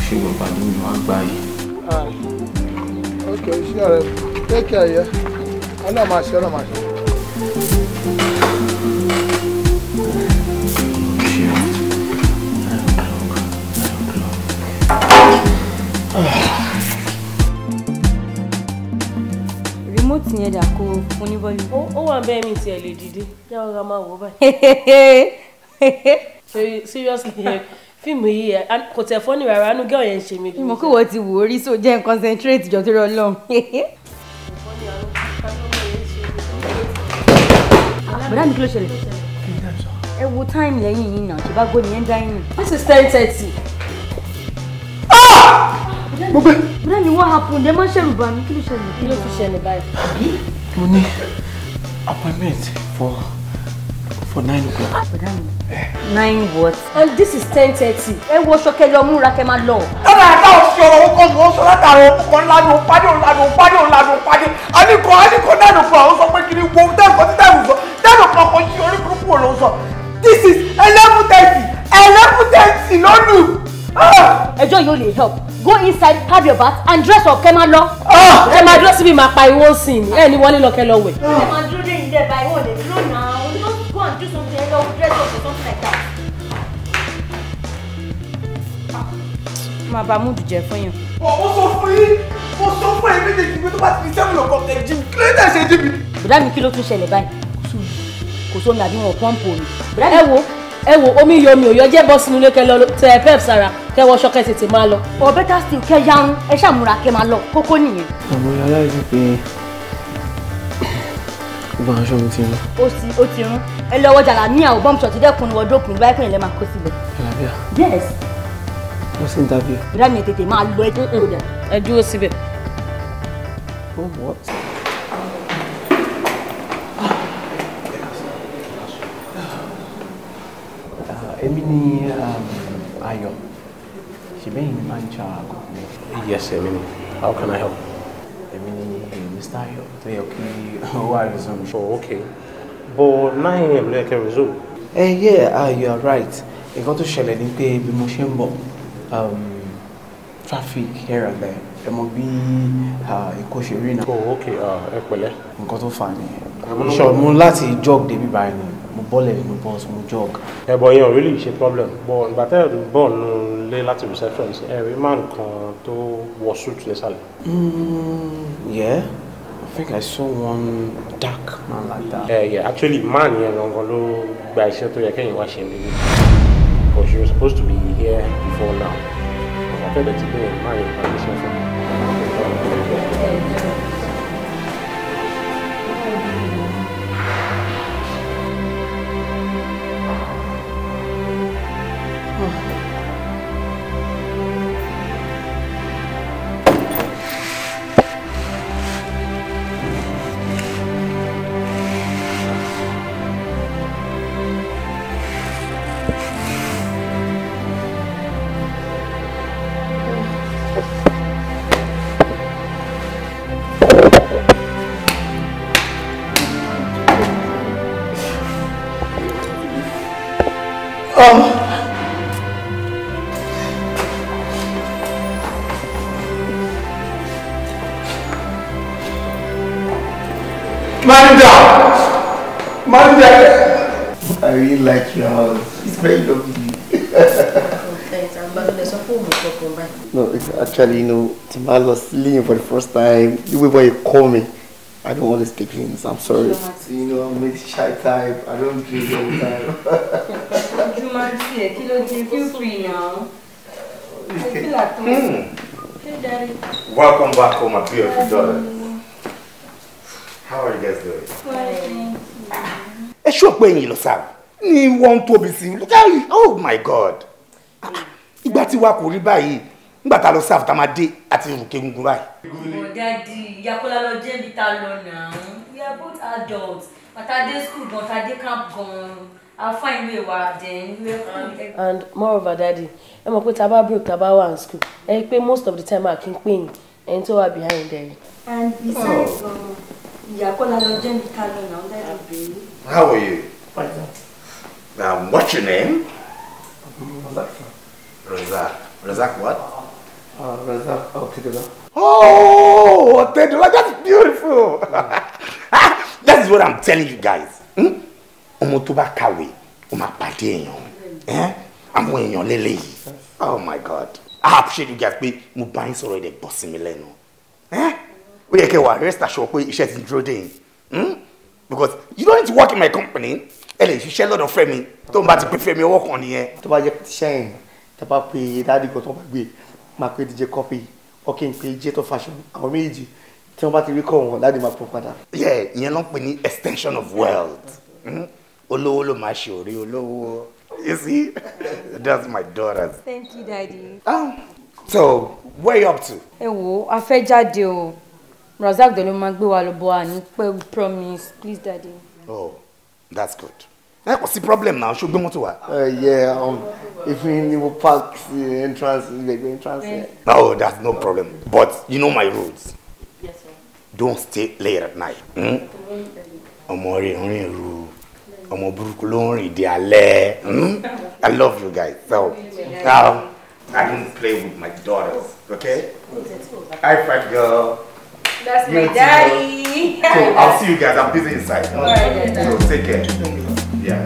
ṣé ìwọ ìpàdé mi wá gbá yìí. Ah, ok ṣé ọ̀rẹ́ take care yẹ ọlọ́ọ̀ máa ṣe ọlọ́ọ̀ máa ṣe. Ugh. ti yẹn dà kó ó wà bẹ́ẹ̀ mi tiẹ̀ lè dìde yá ọ̀rọ̀ máa wò báyìí. seriously fíìmù yìí eh, kò tẹ̀ fọ́nì rárá inú gẹ́ọ̀ yẹn ń ṣe mí. ìmọ̀ kí wọ́n ti wò ó rí so jẹ́ n concentrate jọ torí ọlọ́run. bọ̀dá mi kí ló ṣẹlẹ̀? ẹ wo táìmù lẹ́yìn yìí náà ṣe bá gbóni yẹn dá yín. this is ten mo gbé. bùrẹ́ ni wọ́n hapun dé má ṣẹ̀rù bá mi kí ló ṣẹlẹ̀. kí ló ti ṣẹlẹ̀ báyìí. mo ní appointment for for nine o'clock. Ah, eh. nine what. and this is ten thirty. ẹ wo sọkẹ lọ múra kẹ máa lọ. lọ́dà àtà òṣìṣẹ́ ọ̀rọ̀ ọkọ mi ó sọ látàrí ọkọ ńláni ó pàdé ó ńláni ó pàdé ó ńláni ó pàdé àníkọ àníkọ náà ló fún àwọn sọ pé kiri wo dẹ́kun tí dẹ́kun sọ dẹ́kun kan kò yí orí burúkú ò ló sọ this is eleven thirty eleven thirty lónìí. Ah! ẹjọ́ yóò lè help go inside have your bath and dress up kẹ́ máa lọ. Ah! ẹ máa dúró síbi máa pa ìwọ sí ni ẹ ní wọlé lọ kẹ́ lọ wẹ̀. ẹ máa dúró dé ilé ẹ̀bá ìwọ̀n lè dúró náà o ní go and do something ẹ lọ dress up or something like that. máa bá múdù jẹ fún yàn. ó sọ fún yín ó sọ fún ẹ méjèèjì pé tó bá ti di seven o'clock ẹ jí kí ló dé ṣe jí mi. bùdá mi kí ló tún ṣẹlẹ̀ báyìí kò sómi àbí wọn pọ́ǹpù omi. ẹ wo ẹ wo omi yọ mi ò yọ jẹ́ kẹ lọ tẹ pep sára kẹ wọṣọ kẹ tètè máa lọ. or better still kẹ yarun ẹ ṣàmúra kẹ máa lọ kókó nìyẹn. àmọ́ yàrá yìí pé gbogbo aṣọ mi ti rún. ó ti ó ti rún ẹ lọ wọjà làmíà ò bọ́m̀ṣọ̀ ti dẹ́kun ní wọ́dọ́ọ̀pù ní báyìí ìlẹ̀ máa kó síbẹ̀. jàlábíà. yes. wọ́n sì ń dábìá. ìdá tètè máa lọ ẹ dúró síbẹ̀. oh what. èmi ni um, ayọ̀ ṣèbẹ́yìn ni máa ń ṣe àgọ́ yes èmi ni how can i help. èmi ni mr ayọ̀ tó yẹ kí ó wá resume. oh okay but nine am ló yẹ kẹ́ resume. ẹ yẹ you are right nǹkan tó ṣẹlẹ̀ ni pé bí mo ṣe ń bọ̀ um, traffic here and there ẹ mọ bí ah, èkó ṣe rí náà. oh okay ah, ẹ pẹ̀lẹ́. nǹkan tó fà á nìyẹn. ìṣọ̀mú láti jog débi báyìí mo bọ́lẹ̀ mo bọ́ mo jog. ẹ̀bọ̀ yẹn ò rí ṣe problem bọ̀ ìgbà tẹ́ ẹ̀ bọ̀ nù lé láti reception ṣe ẹ̀rí máa nǹkan tó wọ súùtù lẹ́sàlẹ̀. Mm, yeah I think I saw one dark man like that. ẹ yẹ actually man yẹn gangan ló gba iṣẹ́ tó yẹ kẹ́yìn wá ṣe níbi because she was supposed to be here before now. ọ̀gá tẹ́lẹ̀ ti bẹ̀rẹ̀ máa yẹ ìpàdé ṣe fún mi. actually, you know, Timal was leaving for the first time. The when you call me, I don't want to take things. I'm sorry. Jumanji. You know, I'm a shy type. I don't drink all the time. Jumanji, kí ló dé, feel free now. Uh, I feel like mm. Hey, Daddy. Welcome back home, my beautiful daughter. How are you guys doing? Fine. you ṣú ọ̀pọ̀ You want to be seen? Look at you. Oh my God! Ah, ìgbà tí wa kò rí báyìí nígbà tá a lọ sí àfúta máa dé àti rùkẹ́ gungun báyìí. ọ̀dàdì yakola lọ jẹ́ mi ta lọ náà we are both adults pàtàdé school gan tàdé camp gan afa ìwé wa then we are and moreover daddy ẹ mọ̀ pé tá a bá break tá a bá wà ní school ẹ rí i pé most of the time a kì í pè yín ẹni tó wà behind there. and besides oh. yakola lọ jẹ́ mi ta lọ náà ọ̀dàdì how are you? fine. Um, what's your name? Razak. Razak. Razak what? Uh, Razak Otedola. Oh, Otedola, that's beautiful. Mm. is ah, what I'm telling you guys. Hmm? Ọmọ tó bá kàwé, ó máa pàdé èèyàn. Eh? Àwọn Oh my God. I appreciate you guys but mo bá already sọ̀rọ̀ ẹ̀dẹ̀ bọ̀ sí mi lẹ́nu. Eh? Ó yẹ kẹ́ wà rest assured pé iṣẹ́ hmm? Because you don't need to work in my company. Ẹ you share lọ́dọ̀ Fẹ́mi. Tó ń bá ti pè Fẹ́mi ọwọ́ kan nìyẹn. Tó bá jẹ́ ṣẹ́yìn, tó bá pè é dáàdì kan máa pe DJ Copy ọkẹ́ ń pe DJ tó fashion àwọn méjèèjì tí wọ́n bá ti rí kọ́ wọn láti máa pọ̀ padà. ìyẹn ló ń pè ní extension of world. Hmm? olówó ló máa ṣe òrí olówó you see that's my daughter. thank you daddy. Ah, so where you up to. ẹ wo a fẹ́ jáde o Razak dẹ̀ ló máa gbé wa lọ bọ́ àní pẹ̀lú promise please daddy. oh that's good ẹ kò sí problem náà ṣó gbé mọ́tò wá. Uh, yeah um, if we need to park the entrance the entrance. no oh, that's no problem but you know my rules yes, sir. don't stay late at night. Hmm? ọmọ rẹ ń rìn ru ọmọ burúkú ló ń rìn di alẹ́ hmm? i love you guys so now i don't play with my daughters okay high five girl. That's my daddy. so I'll see you guys. I'm busy inside. No? Right, so take care. Yeah.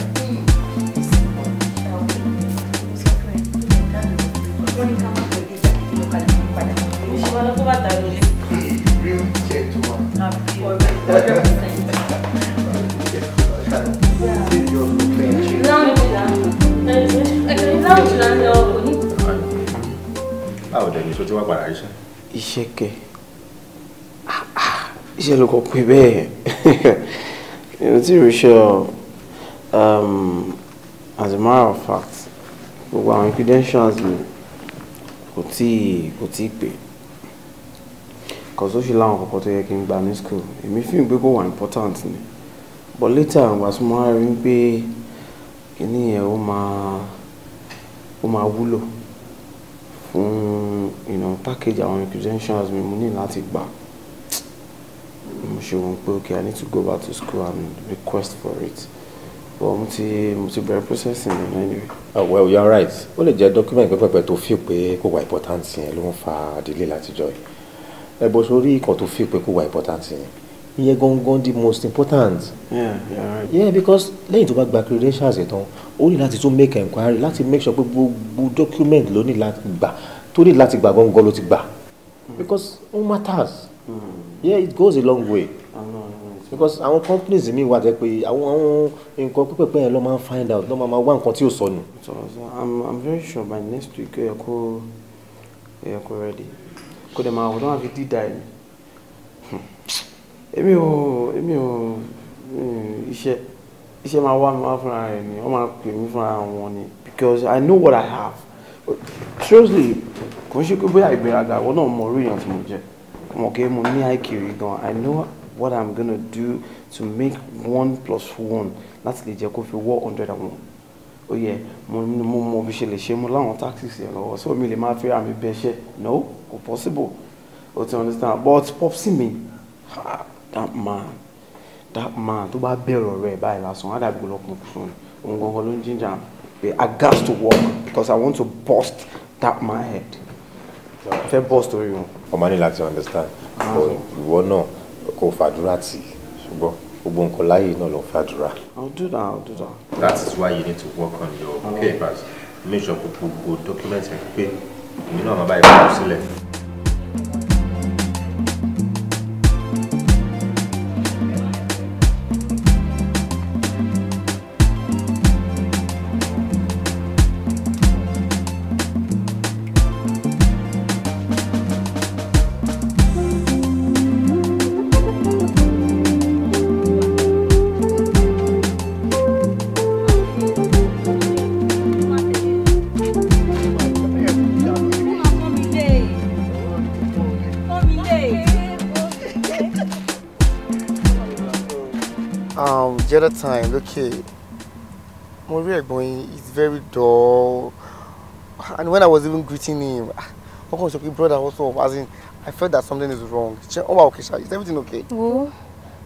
báwo dẹ̀ ni tó ti wá padà iṣẹ́. iṣẹ́ kẹ ah, ah, iṣẹ́ ló kọ pé bẹ́ẹ̀ mi ò tí ì ríṣẹ́ ọ um, as a matter of fact gbogbo àwọn credentials mi kò tí kò tí pé kòsó ṣe láwọn kọ̀kọ́ tó yẹ kí n gbà ní school èmi fi gbé kó wà important ni but later ìgbà tí mo wá rí pé kíní yẹn ó máa ó máa wúlò fún you know package àwọn credentials mi mo ní láti gbà mo ṣe wọn pé okay I need to go back to school and request for it but mo ti mo ti bẹ̀rẹ̀ processing yẹn anyway. oh well you are right ó lè jẹ́ document pẹ́pẹ́pẹ́ tó fi pé kò wà important yẹn ló ń fa delay látijọ́ yìí ẹ bọ́ sórí ikọ̀ tó fi pé kò wà important yẹn ìyẹn gangan the most important. yeah yeah right. yeah because lẹ́yìn tó bá gba credentials ẹ̀ tán ó ní láti tún make enquiry láti make sure pé gbogbo document ló ní láti gbà tó ní láti gbà gangan ló ti gbà mm. because it matters mm. yeah it goes a long way because àwọn companies mi wà tẹ pé àwọn àwọn nǹkan pípẹ́pẹ́ yẹn ló máa ń find out ló máa máa wá nǹkan tí ò sọnù. i'm i'm very sure by next week ẹ kó ẹ kó ready kó dẹ̀ máa wọ́n tó máa fi dídà ẹ̀ hmm. èmi ò èmi ò iṣẹ́ iṣẹ́ máa wá mi wá fúnra rẹ̀ ni wọ́n máa pè mí fúnra wọn ni because i know what i have seriously kò ń ṣe pé bóyá ìgbéraga wọn náà mọ orí èèyàn tí mo jẹ ọmọ kí mo ní àìkiri gan i know what i'm gonna do to make one plus one láti lè jẹ́ kó fi wọ́ hundred and one ó oh yẹ mo mo mo bí ṣe lè ṣe mo láwọn taxes yẹn lọ́wọ́ so mi lè máa fi àmì bẹ́ẹ̀ ṣe no kò possible o ti understand but popsi mi ha that man that man tó bá bẹ̀rẹ̀ ọ̀rẹ́ ẹ̀ báyìí lásán á dàbí lọ́kùn fún un òun gangan ló ń jíjà pé i gats to work because i want to burst that man head fẹ́ burst orí wọn. ọmọ ní láti understand ìwọ náà kó fàdúrà tì ṣùgbọ́n gbogbo nǹkan láyé náà ló fàdúrà. I'll do that, I'll do that. That is why you need to work on your papers. Make sure gbogbo documents ẹ̀ pé èmi náà máa bá ìfọwọ́sílẹ̀. other time okay mo rí ẹ̀gbọ́n yín he's very dull and when I was even greeting him oh mi sọ brother also, up as in I felt that something is wrong Oh, okay, òkè is everything okay. Oh,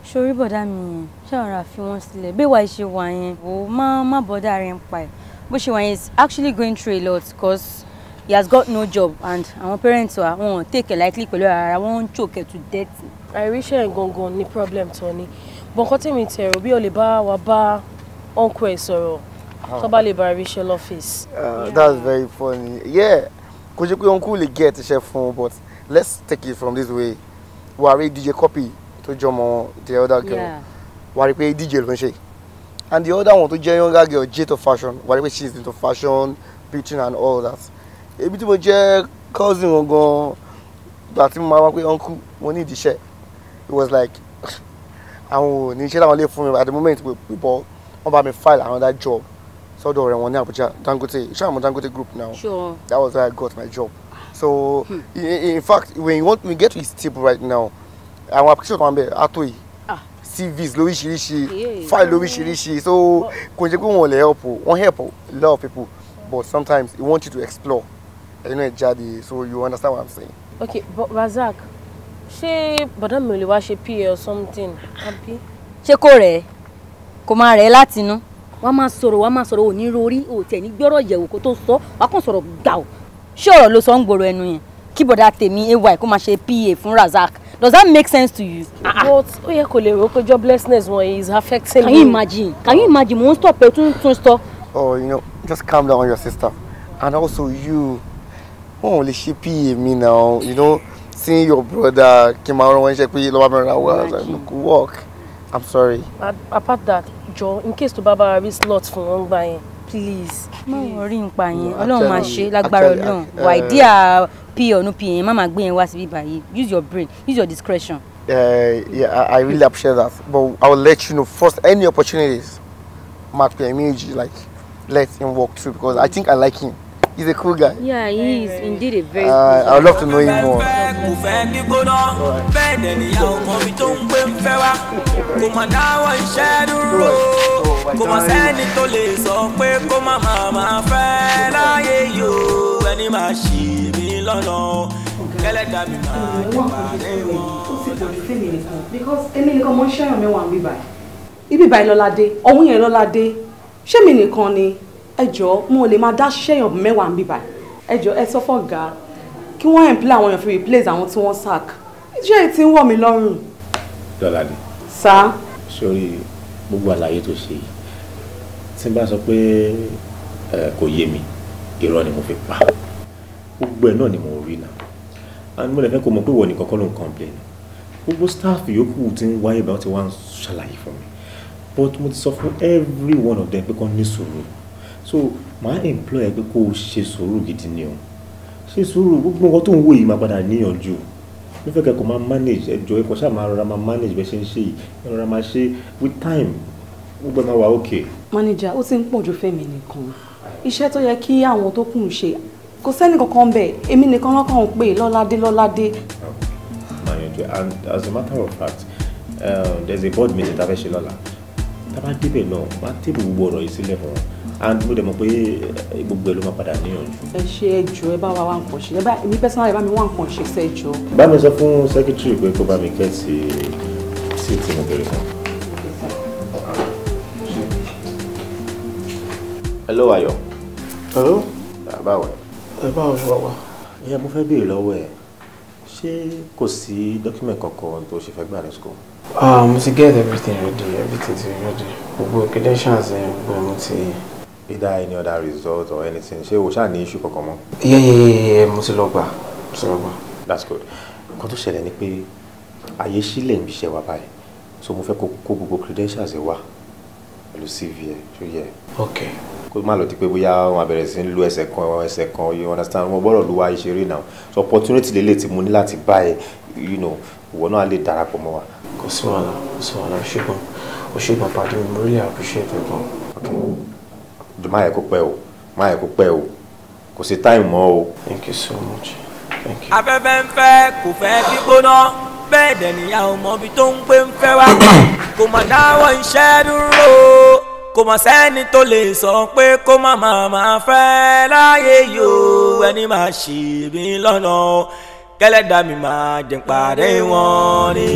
sori bọ̀dá me. Sure, if you want to, be why she ìṣe Oh, yẹn wo má má bọ̀dá rẹ̀ ń pa ẹ̀ is actually going through a lot because he has got no job and our parents wa wọn ò take a lightly pẹ̀lú I wọn choke her to death. I wish ain't àìríṣẹ́ gangan ni problem Tony bọ̀ǹkan tèmi tẹ̀rọ bí o lè bá wa bá ọ̀nkù ẹ̀ sọ̀rọ̀ ah. tó bá lè bá rí iṣẹ́ lọ́fíìsì. Ah, that's very funny yeah kò jẹ́ pé ọ̀nkù lè get iṣẹ́ fún un but let's take it from this way wàrí dj copy tó jọmọ the other girl wàrí pé dj ló ń ṣe and the other one tó jẹ́ younger girl jay to fashion wàrí pé she is into fashion preaching and all that ebi tí mo jẹ́ cousin wọn gan-an gbà tí mo máa wá pé uncle mo ní ìdíṣẹ́ it was like àwọn ò ní iṣẹ́ làwọn lè fún mi at the moment pípọ̀ wọ́n bá mi file another job sọ́dọ̀ ọ̀rẹ́ wọn ní Abuja Dangote ṣé àmọ́ Dangote group now sure. that was where I got my job hmm. so hmm. in, in fact when you want we get to his tip right now àwọn application kan bẹ ato yìí ah. CVs lóríṣiríṣi file lóríṣiríṣi so kò jẹ́ pé wọ́n lè help o wọ́n help a lot of people but sometimes we want you to explore ẹ̀yin náà jáde so you understand what I'm saying. okay but Razak ṣé bọ̀dá mi ò lè wá ṣe pa something àbí. ṣé kò rẹ̀ ẹ́ kò máa rẹ̀ ẹ́ látinú wàá máa sọ̀rọ̀ wàá máa sọ̀rọ̀ òní rorí òtẹ̀ ní gbọ́rọ̀ yẹ̀wò kó tó sọ wàá kàn sọ̀rọ̀ gbà ó ṣé ọ̀rọ̀ ló sọ ń gbòòrò ẹnu yẹn kí bọ̀dá tèmi ay kó máa ṣe pa fún Razak does that make sense to you. Ah, ah. but ó yẹ kó lè rò pé joblessness wọn is affecting me. can you imagine can you imagine mo ń stop ẹ tún tún stop. oh you know just calm down on your sister and also you wọn ò lè ṣe pa mi now you know seeing your brother kí n máa rán wọn iṣẹ́ pé lọ́wọ́ mi i'm sorry. apart that Joe, in case to Baba, bára rí slot fún wọn please. má worry nípa yẹn ọlọ́run máa ṣe lágbára uh, ọlọ́run uh, wà idea pay or no pay Mama má máa gbé yẹn wá use your brain use your discretion. Uh, yeah, I, I really appreciate that but I will let you know first any opportunities Mark Pia Meiji like let him walk through because I think I like him. He's a cool guy. Yeah, he is indeed a very uh, cool guy. I would love to know him more. kò mà sẹ́ni tó lè sọ pé kó má má má fẹ́ láyé yòó ẹni máa ṣì mí lọ́nà kẹlẹ́dà mi máa jọba ní wọn ẹ mo lè máa dá ṣiṣẹ́ èèyàn mẹ́wàá ń bíbá ẹ jọ̀ọ́ ẹ sọ fọ́gá kí wọ́n employ àwọn èèyàn fi replace àwọn tí wọ́n sack ṣé èyí ti ń wọ̀ mí lọ́rùn. Dọ́ládé. sá. sórí gbogbo àlàyé tó ṣe yìí tí n bá sọ pé kò yé mi irọ́ ni mo fi pa gbogbo ẹ̀ náà ni mo rí náà and mo lè fẹ́ mọ̀ pé wọ́n ní kọ́kọ́ ló ń complain gbogbo staff yòókù ti ń wáyé bá ti wá ń ṣàlàyé fún mi but mo ti sọ fún every one of them pé kán ní sùúrù so my employ ẹ pé kó o ṣe sùúrù gidi ni o ṣe sùúrù gbogbo nǹkan tó ń wò yìí máa padà níyànjú mo fẹ́ kẹ́kọ̀ọ́ máa manage ẹjọ́ ẹ̀kọ́ ṣáà máa rọra máa manage bẹ́ẹ̀ ṣe ń ṣe yìí rọra máa ṣe with time gbogbo ẹ̀ máa wà ok. manager ó ti ń pọ̀ ju fẹ́mi nìkan iṣẹ́ tó yẹ kí àwọn tó kù ń ṣe kò sẹ́ni kankan bẹ́ẹ̀ èmi nìkan lọ́kàn ń pè lọ́ládé lọ́ládé. and as a matter of fact uh, um, there is a board meeting tá a fẹ́ ṣe lọ́la tá a bá débẹ̀ náà máa tèbù gbogbo ọ̀rọ̀ yìí sílẹ̀ fún wọn and mo dẹ̀ mọ̀ pé eh, gbogbo ẹ̀ ló máa padà níyànjú. ẹ ṣe ẹjọ ẹ bá wa wá nǹkan ṣe ẹ bá èmi personal ẹ bá mi wá nǹkan ṣe ṣe ẹjọ. bá mi sọ fún secretary pé kó bá mi kẹ́ sí sí tí mo bẹ̀rẹ̀ kan. hello ayọ̀. hello. Ah, báwo. ẹ báwo ni wàá wá. ìyá mo fẹ́ béèrè lọ́wọ́ ẹ̀ ṣé kò sí dọ́kímẹ̀ kankan tó ṣe fẹ́ gbà ní school. Um, ah, to get everything ready, everything ready. Gbogbo credentials, eh, gbogbo mo ti either any other result or anything ṣé o ṣáà ní issue kankan mọ́. yẹ́yẹ́yẹ́ mo ti lọ gbà mo ti lọ gbà. that's good nǹkan tó ṣẹlẹ̀ ni pé àyè sílẹ̀ ń ṣe wá báyìí so mo fẹ́ kó kó gbogbo credentials wá pẹ̀lú cv ẹ ṣó yẹ. ok kó má lọ di pé bóyá wọn abẹ̀rẹ̀ sí ń lu ẹsẹ̀ kan ẹsẹ̀ kan you understand wọn gbọ́dọ̀ lu wa ìṣeré náà so opportunity lélẹ̀ tí mo ní láti bá ẹ you know ìwọ náà lè darapọ̀ mọ́ wa. kò sí wàhálà kò sí wàhálà ṣùgbọ́n ò ṣùgbọ́n pàdé mi mo really appreciate it gan. okay má yẹ pẹ́ o má yẹ pẹ́ o kò sí táì mọ́ o. thank you so much thank you. afẹ́fẹ́ ń fẹ́ kò fẹ́ gbígbóná bẹ́ẹ̀ dẹ̀ níyà ò tó ń pé ń fẹ́ wá kò mà dáwọ́ iṣẹ́ dúró kò mà sẹ́ni tó lè sọ pé kó má má má fẹ́ láyé yòó ẹni máa ṣì mí lọ́nà kẹ́lẹ́dàá mi máa jẹ́ pàdé wọn ni.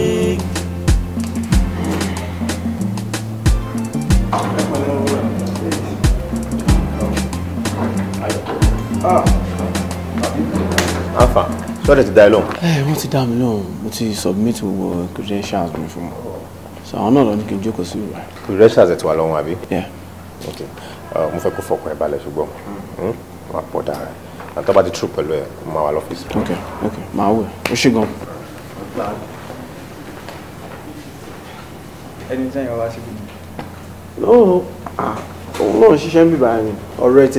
àǹfà so ti to ẹ lóhùn. ẹ wọ́n ti dá mi lóhùn mo ti submit gbogbo credentials before. so I'm not lọ ní kí n jókòó credentials ẹ̀ ti wà lọ́wọ́ àbí. ok mo fẹ́ kó fọkàn ẹ̀ balẹ̀ ṣùgbọ́n hmm? wọn pọ̀ dára ẹ̀ tó bá ti tú pẹ̀lú ẹ̀ mo máa wà lọ́fíìsì. ok ok máa wẹ̀ ó ṣe gan. ẹni tí àyàn wá sí ibi. lóòó àwọn náà ṣiṣẹ́ ń bìbá ẹni ọ̀rẹ́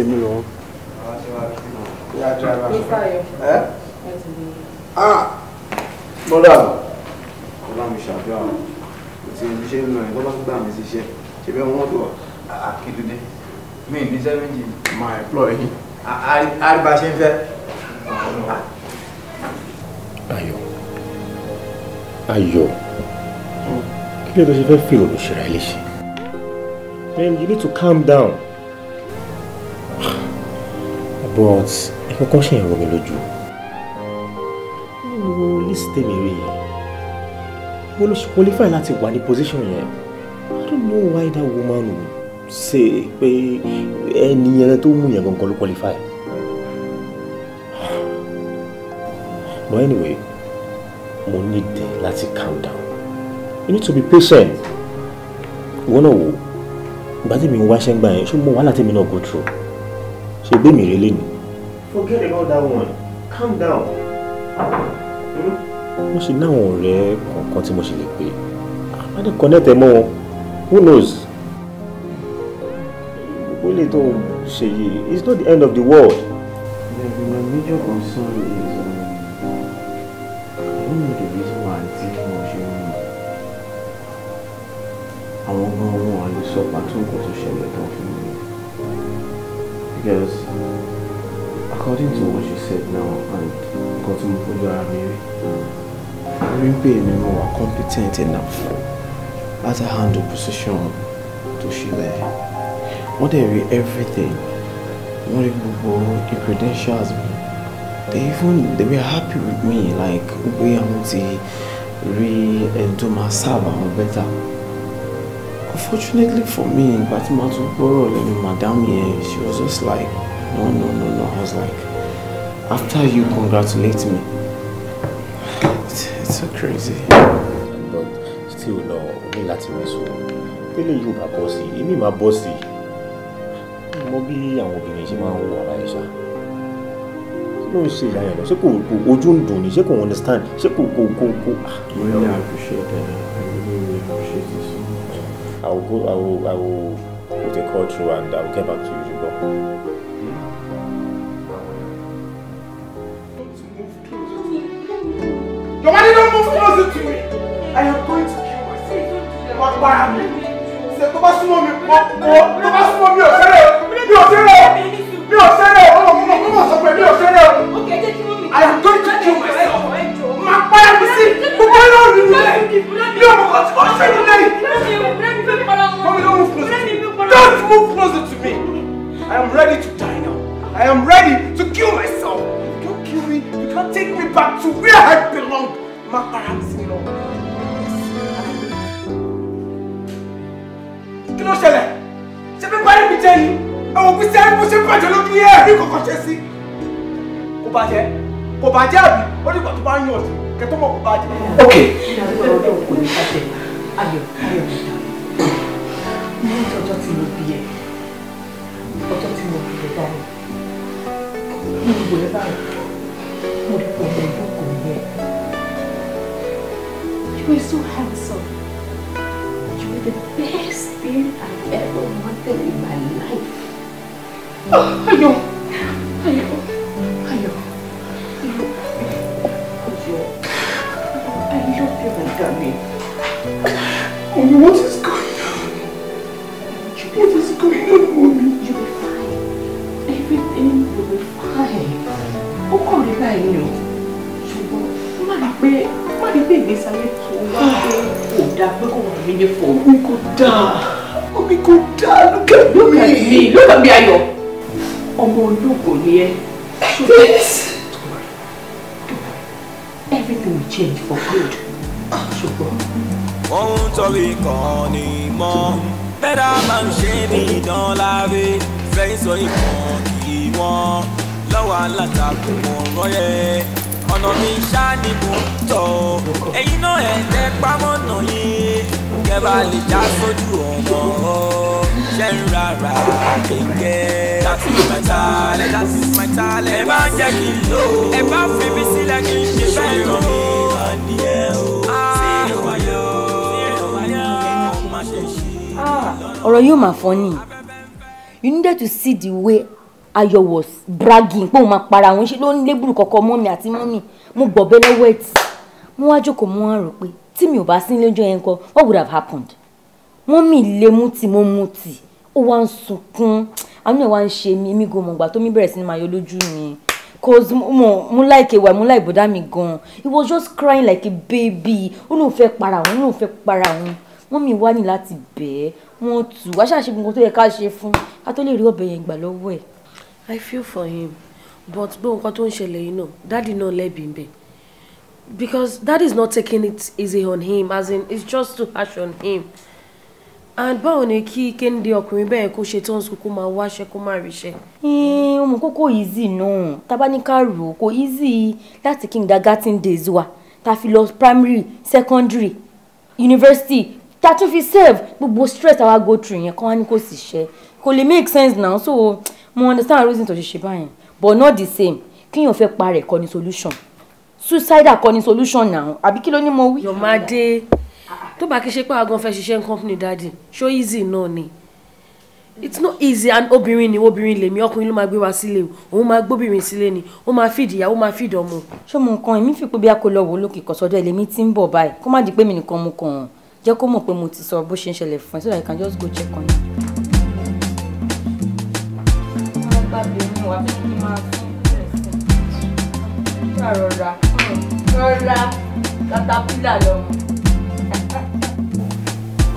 mọ́dà ọlọ́run ṣàdúrà ah, you need to calm down but ìkọ́kọ́ ṣì ń rú mi lójú nínú lísì tèmi rí yẹn mo ló ṣe qualify láti wà ní position yẹn I don't know why that woman ṣe pé ẹni yẹn tó mú yẹn gangan ló qualify but anyway mo need láti calm down you need to be patient ìwọ náà wò gbàtí mi ń wáṣẹ́ gbà yẹn ṣé mo wàhálà tèmi náà go through ṣe gbé mi relé ni. forget about that one calm down. Hmm? mo ṣe náwọn ọ̀rẹ́ kọ̀ọ̀kan tí mo ṣe lè pè á lè connect ẹ mọ́ wọn who knows. gbogbo ilé tó ṣe yìí it's not the end of the world. my major concern is um, I don't know the reason why àǹtí mo ṣe ń mọ̀ àwọn gan-an wọn àlè sọ pàtó nǹkan tó ṣẹlẹ̀ tán fún mi. Because according to what you said now and nǹkan tí mo fojú ara mi rí, rí pé èmi competent enough láti handle position tó ṣílẹ̀. What dẹ̀ rí everything. Wọ́n rí gbogbo the credentials mi. They even they were happy with me like we are the re ẹni tó máa serve better. Unfortunately for me, ìgbà tí màá tún gbọ́rọ̀ lẹ́nu madam she was just like, no, no, no, no. I was like, after you congratulate me, it's, it's so crazy. But still, no, mi láti wọ́n so. Telling you my my bossy, bossy, Pélé yóò bá bọ́ sí i, èmi máa bọ́ sí i. Mo bí àwọn obìnrin ṣe máa ń wọ ara ẹ̀ ṣá. Kí ló ń ṣe ìyá yẹn lọ? Ṣé kò ojú ń dùn ni? Ṣé kò understand? Ṣé kò kò kò kò? Mo ah, ní appreciate it. I will go. I will. I will put a call through, and I will get back to you. Your money don't move closer to me. I am going to kill myself. Wá para mi. Ṣé tó bá súnmọ́ mi pọ̀ pọ̀ tó bá súnmọ́ mi ò ṣeré mi ò ṣeré mi ò ṣeré ọmọ mi mo mọ̀ sọ pé mi ò ṣeré o. I am going to kill myself. Má para mi sí gbogbo ẹ̀rọ mi nílẹ̀. Mi ò mọ̀ kọ́ tí wọ́n ṣe nílẹ̀ yìí. Don't move closer to me! I am ready to die now. I am ready to kill myself. don't kill me, you can't take me back to where I belong. My parents, you know. Kí ló ṣẹlẹ̀? Ṣé bí báyìí mi jẹ́ yìí? Ẹ̀wọ̀n fi ṣe é bó ṣe bàjẹ́ lójú yẹ́ ẹ̀rí kọ̀ọ̀kan ṣe sí. Kò bàjẹ́, kò bàjẹ́ àbí, ó dìgbà tó bá ń yànjú, kẹ́tọ́ mọ̀ kò bàjẹ́. Okay. Ayọ̀, ayọ̀, mú ìtọ́jọ́ tí mo bí ẹ ọjọ́ tí mo bí ẹ dáre ní ìbò ẹ báyìí mo rí pẹ̀lú ẹ̀dùn kò You are so handsome. You are the best thing I've ever wanted in my life. Oh, ayo, ayo. Ayọ̀, Ayọ̀, Ayọ̀, I love you, my darling. Oh, you want to mi ní fò. omi kò dáa omi kò dáa look at me. look at me look at me ayọ̀ ọmọ ológo ni ẹ. everything will change for good. ṣùgbọ́n. ohun torí kan ni mo bẹ́ẹ̀ máa ń ṣe ní ìdánláre fẹ́ sọ ìkan kì í wọ́n lọ́wọ́ alátakò mọ̀ rọ́yẹ̀ ọ̀nà mi ṣáà ni mo tọ̀ ẹ̀yin náà ẹ̀ tẹ́ pamọ́ náà yìí kẹ̀kẹ́ bá lè já sójú ọmọ ṣẹ́ ń rárá kẹ̀kẹ́. that is my talent that is ẹ bá jẹ́ kí n lò ó ẹ bá fi mi sílẹ̀ kí n ṣe bẹ́ẹ̀ lọ. Ah. ṣé ah, ọ̀rọ̀ yóò máa fọ́ ni you needed to see the way Ayọ̀ was bragging pé òun máa para òun ṣe ló ń lébùrù kọ̀ọ̀kan mọ́mi àti mọ́mi mo gbọ̀bẹ lọ́wọ́ ẹ̀ tí mo wá jókòó mo wá pé tí mi ò bá sí lójú ẹ̀ ń kọ́ what would have happened wọ́n mi lè mú tí mo mú tì ó wá ń sunkún àánú ẹ̀ wá ń ṣe mí èmi gan mọ̀gbà tó mi bẹ̀rẹ̀ sí ni máa yọ lójú mi cause mo mo like ewa mo like bọ̀dá mi gan he was just crying like a baby ó lóun fẹ́ para òun lóun fẹ́ para òun wọ́n mi wá ní láti bẹ̀ẹ́ wọ́n tù wá ṣàṣe gbogbo tó yẹ ká ṣe fún ká tó lè rí ọ̀bẹ yẹn gbà lọ́wọ́ ẹ̀. I feel for him but gbogbo nǹkan tó ń ṣẹlẹ̀ yìí náà dáàdì náà lẹ́bi ń bẹ̀ because that is not taking it easy on him as in it's just too harsh on him and báwo ni kí kéde ọkùnrin bẹ́ẹ̀ kó ṣe tán kókó máa wáṣẹ́ kó máa ríṣẹ́. ọmọ kókó easy no. náà tabaníkà rò ko easy láti kí n da gatin days wa ta fi lọ primary secondary university ta tún fi serve gbogbo stress àwa go through yẹn kán wá ní kò sì ṣe kò lè make sense now so mo understand reason to ṣe ṣe báyìí but not the same kíyàn fẹ́ parẹ́ kọ́ ni solution suicide kọ́ ni solution now. àbí kí ló ní mo wí. yọ̀mádé tó bá kí ṣe pé agan fẹ́ ṣiṣẹ́ company daddy ṣó easy náà ni it's not easy and obìnrin ni obìnrin lèmi ọkùnrin ló máa gbé wa sílé o òun máa gbóbìnrin sílé ni ó máa fìdí ìyàwó máa fìdí ọmọ. ṣé mo nǹkan èmi fi pé bí a kò lọ wò ó lókè kọ̀sọ́dọ̀ ẹlẹ́mi tí ń bọ̀ báyìí kó má di pé mi nìkan mo kàn án jẹ́ kó mọ̀ pé mo ti sọ bó ṣe ń ṣẹlẹ̀ fún ẹ so that I can just go check on you. wọ́n gbàgbé rọra katapila lọ́mọ.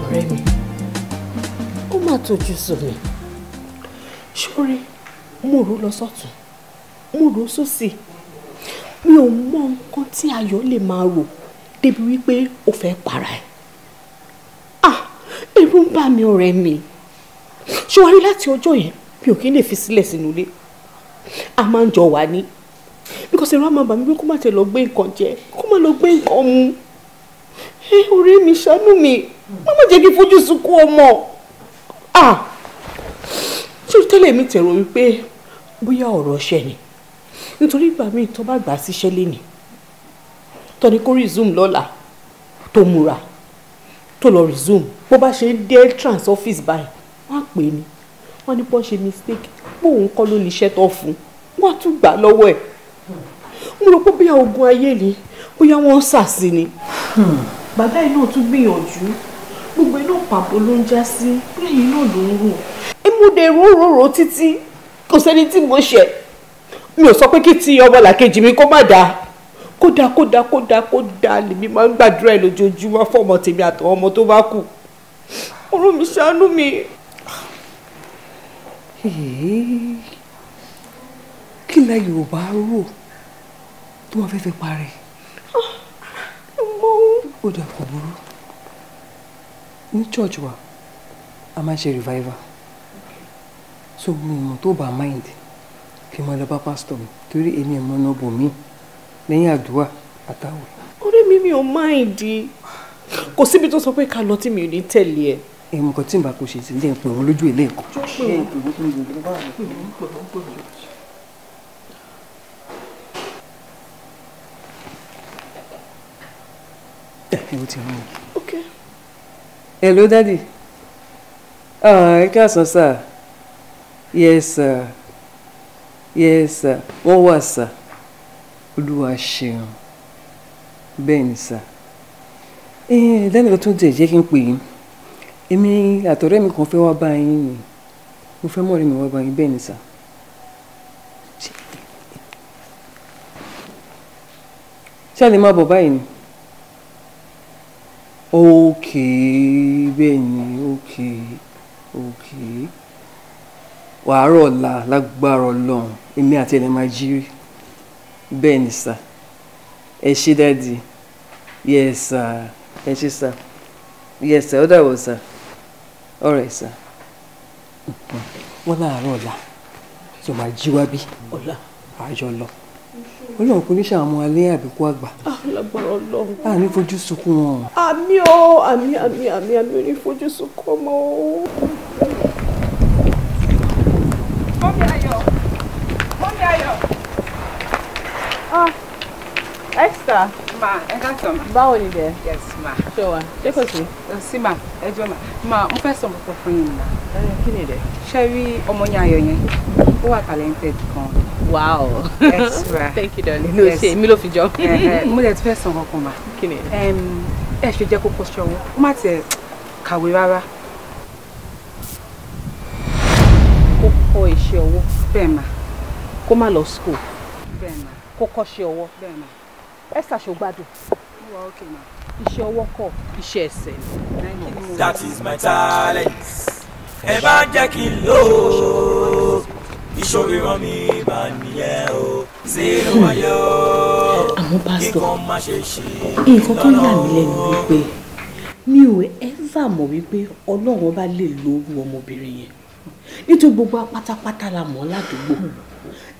ọ̀rẹ́ mi ó máa tójú sùn mi sórí mo rò lọ sọ́tún mo rò sósì mi ò mọ nǹkan tí ayọ̀ lè máa rò débi wípé ó fẹ́ para ẹ̀ ah ẹ̀rù ń bà mí ọ̀rẹ́ mi ṣé wàá rí láti ọjọ́ yẹn mi ò kí lè fi sílẹ̀ sínú ilé a máa ń jọ wà ní nǹkan ṣe rámà bàmí pé kó má tẹ̀ lọ gbé nǹkan jẹ kó má lọ gbé nǹkan mu ẹ ọ̀rẹ́ mi ṣàánú mi má má jẹ́ kí fojú sunkún ọmọ ah ṣé tẹ́lẹ̀ mi tẹ̀rọ wípé bóyá ọ̀rọ̀ ṣẹ̀ ni nítorí ìgbà míì tó bá gbà síṣẹ́ lé ni kó resume lọ́la tó múra tó lọ resume bó bá ṣe ń dé trans office báyìí wọ́n á pè é ni wọ́n ní bó ṣe mistake bóun kọ́ ló ní tó fún un wọ́n á tún gbà lọ́wọ́ ẹ̀ mo rò pé bóyá ogun ayé ni bóyá wọ́n ń sàsí ni. Hmm. bàbá yìí náà tún gbìyànjú gbogbo iná pàbó ló ń já sí bóyá yìí náà ló ń rò. ìmúdè róróró títí kò sẹ́ni tí mo ṣẹ̀ mi ò sọ pé kí ti ọmọ làkejì mi kó má dáa kódà kódà kódà kódà lèmi máa ń gbàdúrà ẹ lójoojúmọ́ fọmọ tèmi àtàwọn ọmọ tó bá kù ọ̀rọ̀ mi ṣàánú mi. kí la Yorùbá rò tí wọ́n fẹ́ẹ́ fi parẹ́ ó dà kò burú ní church wa a máa ṣe revival so gbogbo tó bá mind kí n máa lọ bá pásítọ̀ mi torí èmi ẹ̀ mọ́ náà bò mí lẹ́yìn àdúrà àtàwẹ̀. ọ̀rẹ́ mi mi ò mind kò síbi tó sọ pé ká lọ tí mi ò ní tẹ̀lé ẹ ẹ̀mú kan tí n bá kò ṣe sí ilé ń pè wọ́n lójú ilé ẹ̀kọ́. ẹ o ti rán mi. ok. hello daddy. Ah, ẹ káàsán sir. yes sir. yes sir. wọ́n wà sir. olúwa ṣeun. bẹ́ẹ̀ ni sir. ẹ dáníkan tó ń tẹ̀ jẹ́ kí n pè yín. èmi àtọ̀rẹ́ mi kan fẹ́ wá bá yín ni mo fẹ́ mọ̀ọ́rẹ́ mi wá bá yín bẹ́ẹ̀ ni sir. ṣé a lè máa okay bẹ́ẹ̀ ni okay okay wàárọ̀ ọ̀la lágbára ọlọ́run èmi àti ẹ̀lẹ́ máa jí rí bẹ́ẹ̀ ni sà ẹ ṣe dáàdi yes sà ẹ ṣe sà yes sà ó dàbọ̀ sà alright sà wọ́n láàárọ̀ ọ̀la tó máa jí wá bí ọ̀la àjọ lọ ọlọ́run kò ní ṣàmú alẹ́ àbíkú àgbà. alágbára ah, ọlọ́run. a ní fojú sunkún wọn. àmì o àmì àmì àmì àmì ò ní fojú sunkún ọmọ o. mọ́mí ayọ̀ mọ́mí ayọ̀. ah extra. ma ẹ ká sọ ma. báwo ni dẹ. yes ma. ṣé wa ṣé kò sí. Ah, sí ma ẹ jọ ma ma n fẹ́ sọ nǹkan fún yín ma. Eh, kí ni dẹ. ṣé rí ọmọ yẹn ayọ̀ yẹn ó wà talented kan wow extra thank you darling no ṣe èmi ló fi jọ. mo lè ti fẹ́ san kankan ma ẹ ṣe jẹ́ kó kọ́ ṣọ́wọ́ ó má tiẹ̀ kàwé rárá. kó kọ́ iṣẹ́ ọwọ́. bẹ́ẹ̀ ma. kó má lọ school. bẹ́ẹ̀ ma. kó kọ́ iṣẹ́ ọwọ́. bẹ́ẹ̀ ma. Esther ṣògbádùn. mo wà ókè ma. iṣẹ́ ọwọ́ kọ́ iṣẹ́ ẹsẹ̀. that is my talent. ẹ bá jẹ́ kí n ìṣòro ìran mi bá nìyẹn o sínú ayé o kíkan má ṣe ṣe nǹkan tó yà mí lẹ́nu wípé mi ò ẹ́fà mọ̀ wípé ọlọ́run bá lè lo owó ọmọbìnrin yẹn nítorí gbogbo apátápátá la mọ̀ ládùúgbò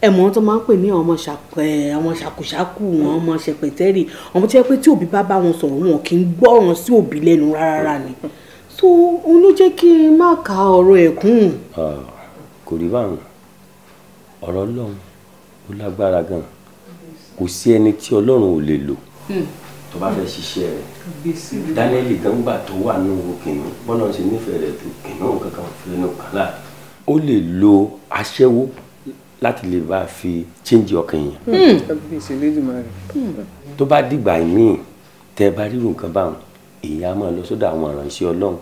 ẹ̀mọ́ tó máa ń pè ní ọmọ àwọn ṣàkùṣàkù wọn ọmọ ṣẹpẹtẹ́rì ọmọ tí wọ́n pé tí òbí bá bá wọn sọ̀rọ̀ wọn kì í gbọ́ràn sí òbí lẹ́nu rárá ni so òun ló jẹ́ kí n má ka ọ̀rọ̀ ẹ̀kún. Ah, kò rí báwọn ọ̀rọ̀ ọlọ́run ó lágbára gan kò sí ẹni tí ọlọ́run ò lè lò hmm. tó bá fẹ́ ṣiṣẹ́ rẹ̀ dánẹ́lì gan gbà tó wà nínú kìnnú bọ́lá ṣe nífẹ̀ẹ́ rẹ̀ tó kìnnú kankan fẹ́ nù kálá ó lè lo aṣẹ́wó láti lè bá fi chíńjì ọkàn yẹn. Hmm. Hmm. tó bá dìgbà míì tẹ bá ríru nǹkan báwọn èyí á máa lọ sọ́dọ̀ àwọn ìránṣẹ́ ọlọ́run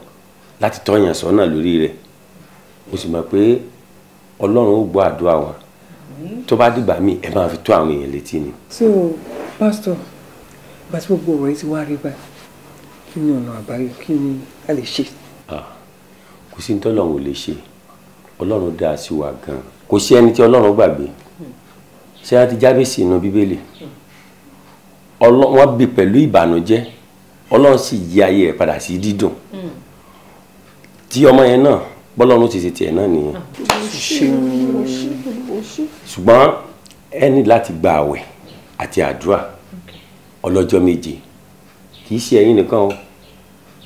láti tọ́yàn sọ́nà lórí rẹ̀ mo sì mọ̀ pé ọlọ́run ó gbọ́ àdúrà wọn tó bá dìgbà míì ẹ máa fi tó àwọn èèyàn létí ni. so pastor bàtí gbogbo ọ̀rọ̀ yìí ti wá rí báyìí kí ni ọ̀nà àbáyọ kí ni a lè ṣe. kò sí ní tọ́lọ́run ò lè ṣe ọlọ́run dáa sí wa gan-an kò sí ẹni tí ọlọ́run gbàgbé ṣé wọ́n ti jábèsì inú bíbélì wọ́n bí pẹ̀lú ìbànújẹ́ ọlọ́run sì yí ayé rẹ̀ padà sí dídùn hmm. tí ọmọ yẹn náà bọ́lọ́run ti ṣe tiẹ̀ náà nìyẹn. ṣùgbọ́n ẹ ní láti gba àwẹ̀ àti àdúrà ọlọ́jọ́ méje kì í ṣe ẹ̀yin nìkan o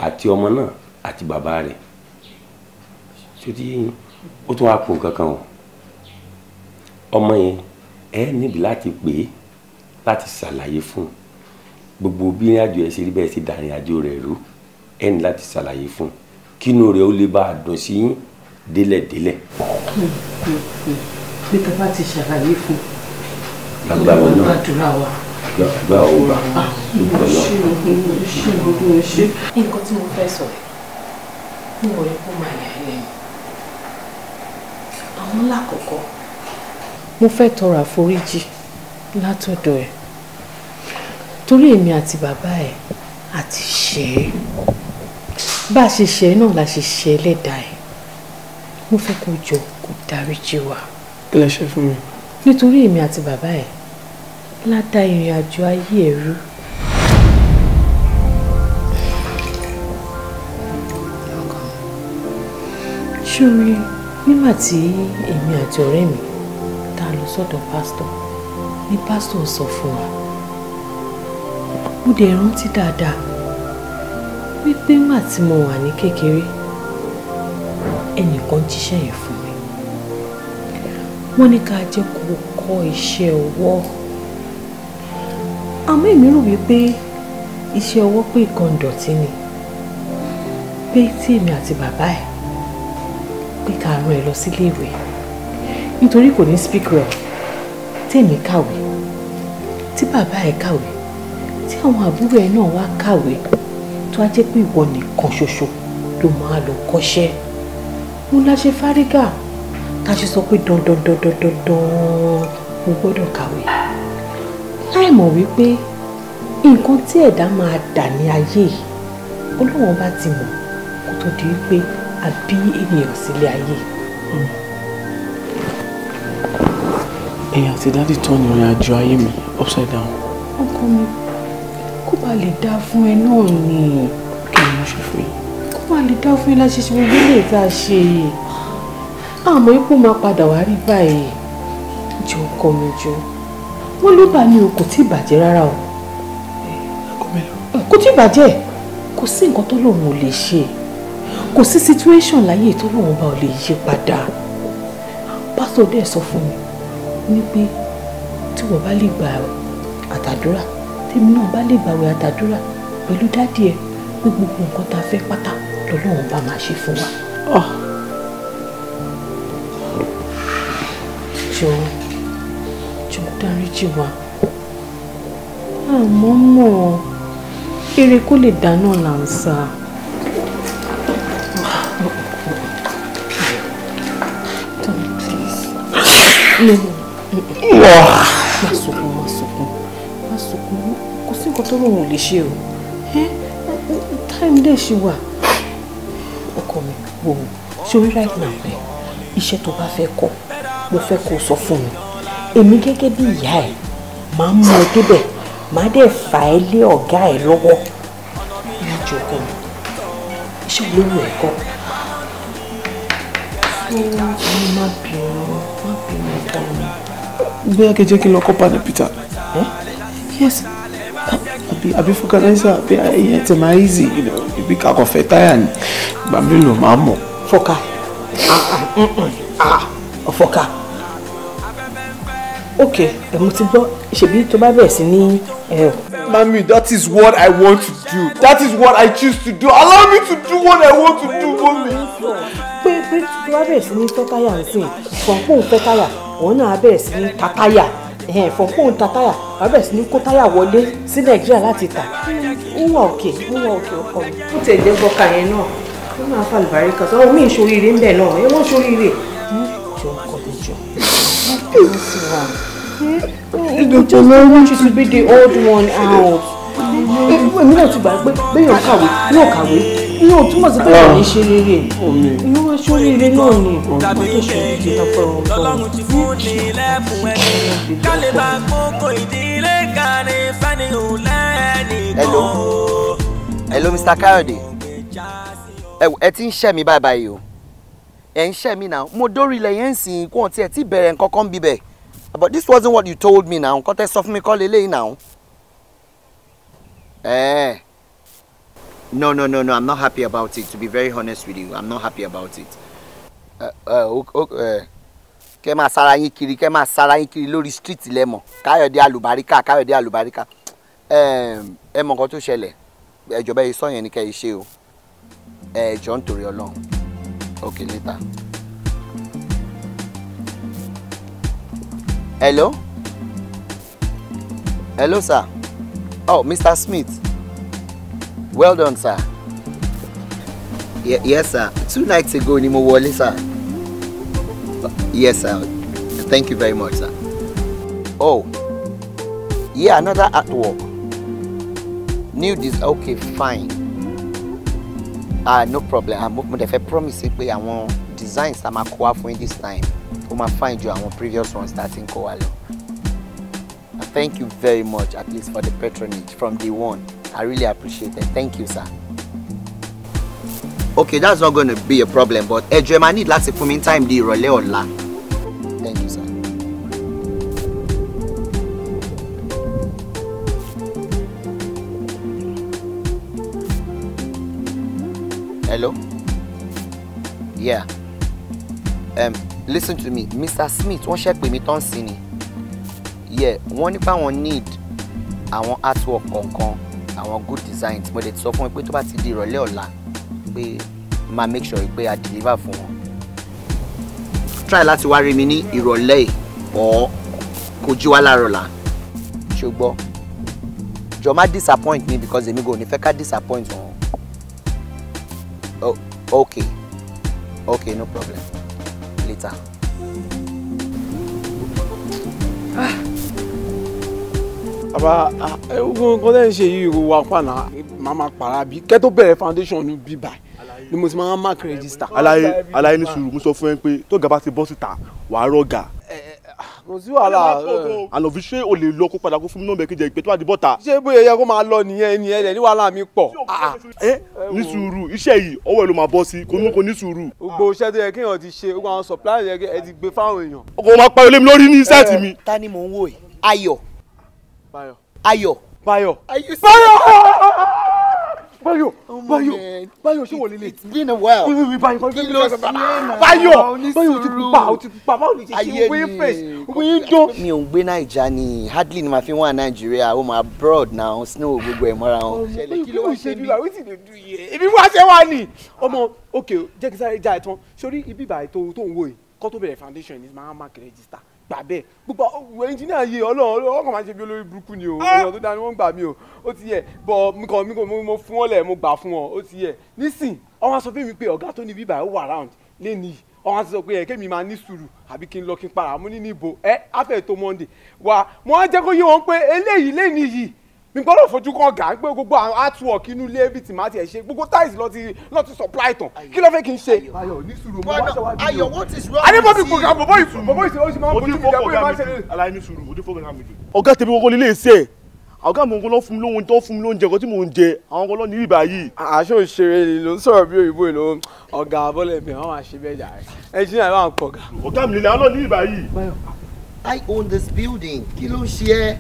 àti ọmọ náà àti bàbá rẹ̀ ṣòtí ó tún wá pò kankan o ọmọ yẹn ẹ níbi láti pè é láti ṣàlàyé fún un gbogbo bí ìrìn ẹ ṣe rí bẹ́ẹ̀ ṣe dàrin àjò rẹ̀ rú ẹ ní láti ṣàlàyé fún un kínú rẹ̀ ó lè bá a dùn sí yín délẹ̀délẹ̀. bí bàbá ti ṣàlàyé fún un lágbára náà àdúrà wa àdúrà ó gbà lóko náà. nǹkan tí mo fẹ́ sọ ń wọ ikú máa yà ẹ́ lẹ́yìn àwọn lákòókò. mo fẹ́ tọrọ àforíjì látọ̀dọ̀ ẹ̀ torí èmi àti bàbá ẹ̀ àti ṣe é bá a ṣe ṣe ẹ náà la ṣe ṣe ẹlẹ́dàá ẹ mo fẹ́ kó jọ kó dáríjì wá. kí lẹ ṣe fún mi. nítorí èmi àti bàbá ẹ ládà ìrìn àjò ayé ẹ rú. ṣúrí nígbà tí èmi àti ọ̀rẹ́ mi tá a lọ sọ́dọ̀ pásítọ̀ ni pásítọ̀ sọ fún wa mo dẹ̀ rántí dáadáa wípé ńgbà tí mo wà ní kékeré ẹnìkan jíṣẹ́ yẹn fún mi wọ́n ní ká jẹ́ kó kọ́ iṣẹ́ ọwọ́ àmọ́ èmi rò wípé iṣẹ́ ọwọ́ pé nǹkan dọ̀tí ni pé tí èmi àti bàbá ẹ̀ pé ká rán ẹ lọ síléèwé nítorí kò ní speak well tí èmi kàwé tí bàbá ẹ̀ kàwé tí àwọn àbúrò ẹ̀ náà wá kàwé tó á jẹ́ pé ìwọ nìkan ṣoṣo ló máa lọ kọ́ṣẹ́ mo láṣẹ fárígà tá a ṣe sọ pé dandan dandan dandan mo gbọ́dọ̀ kàwé láì mọ̀ wípé nǹkan tí ẹ̀dá máa dà ní ayé yìí Ọlọ́run bá ti mọ̀ kó tó di wípé a bí ènìyàn sílé ayé. ẹ̀yin àti dáàdì tọ́ni ìrìn àjò ayé mi upside down. ọkọ mi kó bá lè dá fún ẹ náà ni kí ni mo ṣe fún yìí kó bá lè dá fún ẹ láti ṣe gbogbo ilé tá a ṣe yìí àmọ́ ipò máa padà wá rí báyìí jọ ọkọ mi jọ wọ́n ló bá ní o kò tí ì bàjẹ́ rárá o kò tí ì bàjẹ́ kò sí nǹkan tó lòun ò lè ṣe kò sí situation láyé tó lòun bá ò lè yí padà pásítọ̀ dẹ̀ sọ fún mi ní pé tí wọ́n bá lè gbà àtàdúrà tèmi náà bá lè gbàwẹ̀ àtàdúrà pẹ̀lú dádì ẹ pé gbogbo nǹkan tá a fẹ́ pátá lọ́lọ́run bá máa ṣe fún wa. Ah. jọ̀wọ́ jọ̀wọ́ dáríjì wa àmọ́ mọ̀ eré kó lè dáná là ń sá. Wow. tó rò wọ́n lè ṣe o time dẹ̀ ṣì wà ọkọ mi wò ó sórí right now ẹ iṣẹ́ tó bá fẹ́ kọ́ mo fẹ́ kó o sọ fún mi èmi gẹ́gẹ́ bí ìyá ẹ̀ máa ń mú ẹ débẹ̀ máa dẹ̀ fà ẹ́ lé ọ̀gá ẹ̀ lọ́wọ́ ìrìnàjò ọkọ mi iṣẹ́ olówó ẹ̀ kọ́ má bínú má bínú ọkọ mi. bóyá kí kí n lọ kọ́ padà Peter. yes àbí fọkànáísà àbí ẹyẹ tẹ máa easy ibi kakọ fẹ táyà ni ìgbà mélòó máa mọ. fọkà ọfọkà ok ẹmu ti gbọ́ ṣebí tó bá bẹ̀rẹ̀ sí ní. mami that is what i want to do that is what i choose to do allow me to do what i want to do mami. pé pé tó bá bẹ̀rẹ̀ sí ní fẹ́ táyà ń sìn fọ̀npọ̀ ń fẹ́ táyà òun náà bẹ̀rẹ̀ sí ní tatáyà fọ̀npọ̀n ta táyà àbẹ̀ sí ní kó táyà wọlé sí nàìjíríà láti tà ń wà òkè ń wà òkè ọkọ mi. ó tẹ̀ jẹ́ bọ́ka yẹn náà ó máa fa àlùbáríkà sọ́wọ́ mi ìṣoríire ń bẹ̀ náà ẹ wọ́n ṣoríire. jọ ọkọ mi jọ wọ́n ti wà. ìjọba lọ́wọ́ she should be the old one out. èmi náà ti gbà pé béèyàn kàwé yóò kàwé ìyẹn ò túmọ̀ sí pé ìyẹn ní ṣe rere ìyẹn ah, wá ṣó rere náà ni ọmọ tó ṣe ní ìjìnlẹ̀ ní lẹ́bùn ẹni kálí bá hello hello Mr. Kayode ẹ ti ń ṣẹ́ mi báyìí báyìí o ẹ̀ ń ṣẹ́ mi náà mo dórí ilẹ̀ yẹn ń sìn kó tiẹ̀ ti bẹ̀rẹ̀ nǹkan kan bíbẹ̀ but this wasn't what you told me now nǹkan tẹ́ sọ fún mi kọ́ lélẹ́yìn náà. No, no, no, no. I'm not happy about it. To be very honest with you, I'm not happy about it. Uh, uh, kẹ́ eh, máa sára yín kiri kẹ́ máa sára yín kiri lórí street lẹ́mọ̀ Káyọ̀dé Àlùbáríkà Káyọ̀dé Àlùbáríkà ẹ mọ nǹkan tó ṣẹlẹ̀ ẹ̀jọ̀ba yìí sọ̀yẹn ni kẹ́ ẹ ṣe o ẹ̀jọ̀ ń torí Ọlọ́run okay later. Hello? Hello, sir. Oh, Mr. Smith. Well done, sir. Ye yes, sir. Two nights ago ni mo sir. Yes, sir. Thank you very much, sir. Oh. Yeah, another artwork. New this okay, fine. Ah, no problem. I'm ah, mo dẹ̀ fẹ́ promise I àwọn designs tá máa a wá fún this time. Ó máa find you àwọn previous ones tá ti ń kó wá Thank you very much at least for the patronage from day one. I really appreciate it. Thank you, sir. Okay, that's not going to be a problem, but ẹ I ẹ máa need láti fún mi time di ìrọ̀lẹ́ ọ̀la. Thank you, sir. Hello? Yeah. Um, listen to me, Mr. Smith, One ṣe pè mí tán sí ni. Yeah, if I want need I àwọn artwork kọ̀ọ̀kan àwọn good designs mo lè sọ fún wọn pé tó bá ti di ìrọ̀lẹ́ ọ̀la pé máa make sure pé a deliver fún wọn. try láti wá rí mi ní ìrọ̀lẹ́ yìí ọ̀ kò jí wá láàárọ̀ là ṣùgbọ́n jọ má disappoint me because èmi kò ní fẹ́ ká disappoint wọn. Oh, okay okay no problem later. Ah bàbá ogun kan tẹ́ ń ṣe yìí ìrora pààlà máa ma para bí kẹ́ tó bẹ̀rẹ̀ foundation ní bíbá ni mo ti máa mark register. alaye alaye ní sùúrù mo sọ fún ẹ pé tó gàba ti bọ́ síta wàá rọ̀gà. kò sí wàhálà. ànàfi ṣé o lè lọ kó padà kó fún mi náà bẹ́ẹ̀ kí ìpè tó bá di bọ́ta. ṣé bóyá yẹ kó máa lọ nìyẹn nìyẹn lẹ ní wàhálà mi pọ̀. ẹ ní sùúrù iṣẹ́ yìí ọwọ́ ẹ ló máa bọ́ sí kò ní kò ní sùúrù. gbogbo iṣẹ́ tó yẹ kí èèyàn ti ṣe gbogbo àwọn supplier yẹ kí ẹ ti gbé fáwọn èèyàn. ọkọ̀ máa pariwo lé mi lórí ní sẹ́ẹ̀tì mi. ta ni mò ń wò yìí ayọ̀ Bayo. Ayọ̀. Bayo. Bayo. Bayo. Bayo. Oh, Bayo ṣé wò lélẹ̀? It's been a while. Wí wí wí Bayo. Kí ló ṣe náà? Bayo. Bayo ti pupa o ti pupa báwo ni ti ṣe wé face wí dó. Mi ò ń gbé Naija ni hardly ni màá fi wà Nàìjíríà o mà abroad now snow gbogbo ẹ̀ mọ́ra wọn. Ṣẹlẹ̀ kí ló wá ṣe bí? Báwo ti lè dùn yẹ? Ibi wá ṣe wá ni. Ọmọ òkè jẹ́ kí sáré já ẹ̀ tán. Sori ibi ìbàyẹ̀ tó ń wò yìí kọ́ tó bẹ̀rẹ̀ foundation ni màá mark register gbà bẹ́ẹ̀ gbogbo ẹnjìnìá yìí ọlọ́run ọkàn máa ń ṣe bí olórí burúkú ni o ah! èèyàn tó dáa ni wọ́n gbà mí o ó ti yẹ bọ̀ mi kàn mí mo fún ọ lẹ̀ mo gbà fún ọ ó ti yẹ nísìn ọmọ sọ fún mi pé ọ̀gá tó ní bíbá ó wà round lẹ́nìí ọmọ sọ pé ẹ kémi máa ní sùúrù àbí kí n lọ kí n para mo ní níbo ẹ á fẹ́ tó Monday wà mo á jẹ́ kó yé wọn pé eléyìí lẹ́nìí yìí mi gbọ́dọ̀ fojú kan gà pé gbogbo àwọn artwork inú ilé everything máa tiẹ̀ ṣe gbogbo tiles lọ ti lọ ti supply tán kí ló fẹ́ kí n ṣe. ayọ̀ ní sùúrù mo wá ṣọwájú ayọ̀ what is wrong with you. adébọ̀bí program bọ̀bọ̀ ìṣòro bọ̀bọ̀ ìṣòro ó sì máa fún mi lóhun tó fún mi lóúnjẹ kan tí mò ń jẹ àwọn ọkọ lọ́nà ìbá yìí. àṣọ òṣèré ni ló ń sọ̀rọ̀ bí òyìnbó ìlú ọ̀gá abọ́lẹ̀ mi àwọn àṣebẹ̀ jà rẹ̀ ẹ̀jìnà ìwà ń pọ̀ ga. ọ̀gá mi lè lọ́nà ìbá yìí. I own this building kí ló ń ṣe ẹ́.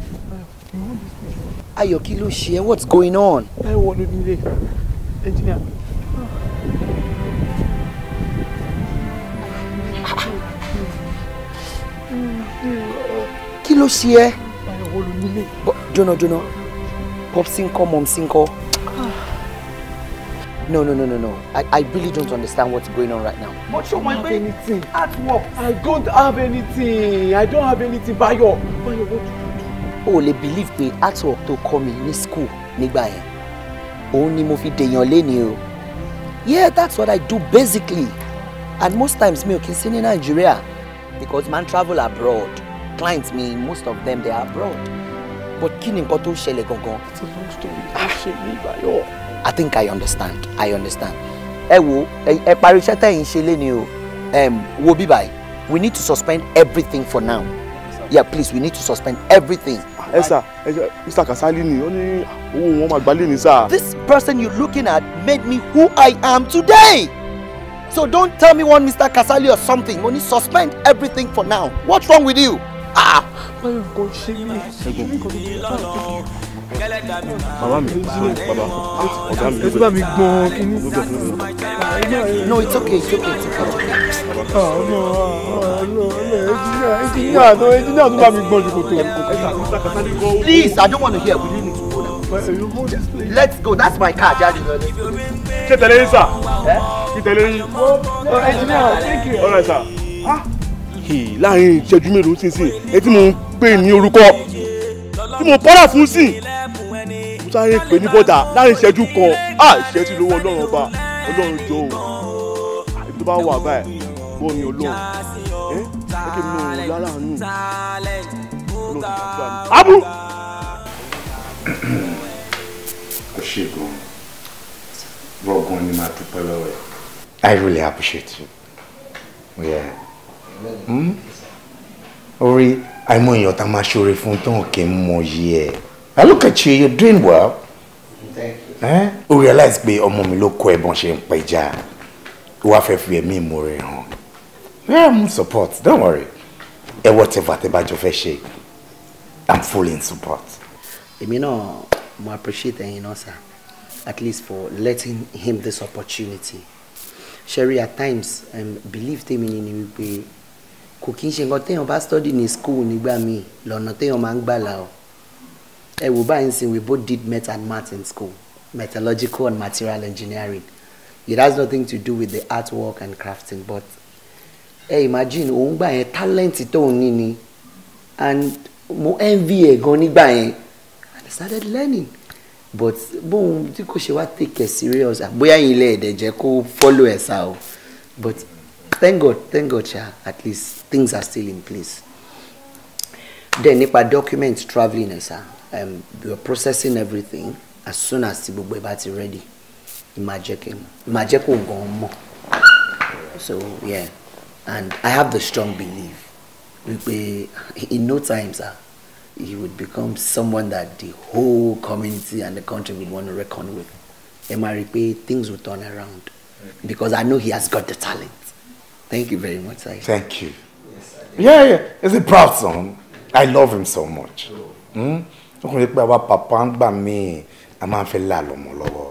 Ayo, kí ló what's going on. I want to ilé engineer. kí ló ṣe ẹ́. ayọ̀ wọ lórí ilé. jọ̀nà jọ̀nà popsi ńkọ́ momsi ńkọ́. No, no, no, no, no. I, I really don't understand what's going on right now. But you don't have anything. At work. I don't have anything. I don't have anything. Bayo. Bayo, what? o lè believe pé artwork tó kọ́ mi ní school nígbà yẹn òun ni mo fi dèèyàn léni o yeah that's what i do basically and most times mi ò kí n sí ní Nigeria because man travel abroad clients mi most of them they are abroad but kí ni nǹkan tó ṣẹlẹ̀ gangan. it's a long story ó ṣe mí Báyọ̀. i think i understand i understand ẹ wo ẹ parí iṣẹ́ tẹ̀yìn ṣe lé o wo bíbáyìí we need to suspend everything for now yeah please we need to suspend everything ẹ sà mr kasali ni ó ní owó wọn máa gbalẹ̀ ní sà. this person you looking at made me who i am today so don't tell me one mr kasali or something Money. suspend everything for now what's wrong with you. ah. ẹ̀gbọ́n ṣe mí ẹ̀gbọ́n kò ní kí n bá ọ̀gbìn màmá mi bàbá ọ̀gá mi ló bẹ̀ gbọ́n no it's okay it's okay it's okay. ọmọ ọmọ ẹjìnìyà tó ẹjìnìyà mi gbọ́n ju kòtò. please i don't want to hear we let's go that's my car jáde lọ. ṣé tẹ̀lé yín sà kí eh? tẹ̀lé yín. ẹjìnìyà oh, thank you. ọ̀rẹ́ sà ah. láàrin ìṣẹ́jú mélòó sínsìn ẹ tí mo ń pè ní orúkọ tí mo pọ́nà fún sìn sáré pè ní bọ́dà láàrin ìṣẹ́jú kan á ìṣẹ́jú lọ́wọ́ ọlọ́run ọba ọlọ́run jọ o àbí tó bá wà báyìí gbọ́ mi ọlọ́run ẹ ẹ kí n mú un lára àánú ọlọ́run tó gbà mí. abu. kò ṣe ni màá dúpẹ́ lọ́wọ́ ẹ̀. I really appreciate you. Oh, yeah. Mm? orí àìmọ̀ èèyàn tá a máa ṣoore fún tán kì í mọ yìí ẹ̀. I look at you, you're doing well. Thank you. Eh? We realize pé ọmọ mi ló kọ́ ẹ bọ́n ṣe ń pẹja. Wá fẹ́ fi ẹ̀mí ìmoore hàn. Yeah, I'm support. Don't worry. Ẹ whatever tẹ́ bá jọ fẹ́ ṣe. I'm full in support. Èmi náà mo appreciate ẹ̀yin náà sir at least for letting him this opportunity. Sherry at times um, believe them in ni wípé kò kí ń ṣe nǹkan téèyàn bá study ní school nígbà míì lọ́nà téèyàn máa ń gbà là o ẹ wò báyìí ń we both did met and math in school metallurgical and material engineering it has nothing to do with the artwork and crafting but hey, imagine we buy a talent tóun ní ni and mo envy a gan nígbà yẹn and started learning but boom tí kò ṣe take a serious àbóyá yín ilé ẹ̀dẹ̀ jẹ́ follow ẹ̀ sá but thank God thank God yeah. at least things are still in place then if nípa document traveling ẹ̀ um, we are processing everything as soon as the ẹ bá ready máa jẹ́ kó gan so yeah and I have the strong belief wípé in no time sir ah, he would become someone that the whole community and the country would want to reckon with ẹ i things will turn around because I know he has got the talent thank you very much sir. thank you yeah yeah he's a proud son I love him so much. Mm? lọ́kùnrin pé àwa pàpà ń gbà mí a máa fẹ́ là lọ́mọ lọ́wọ́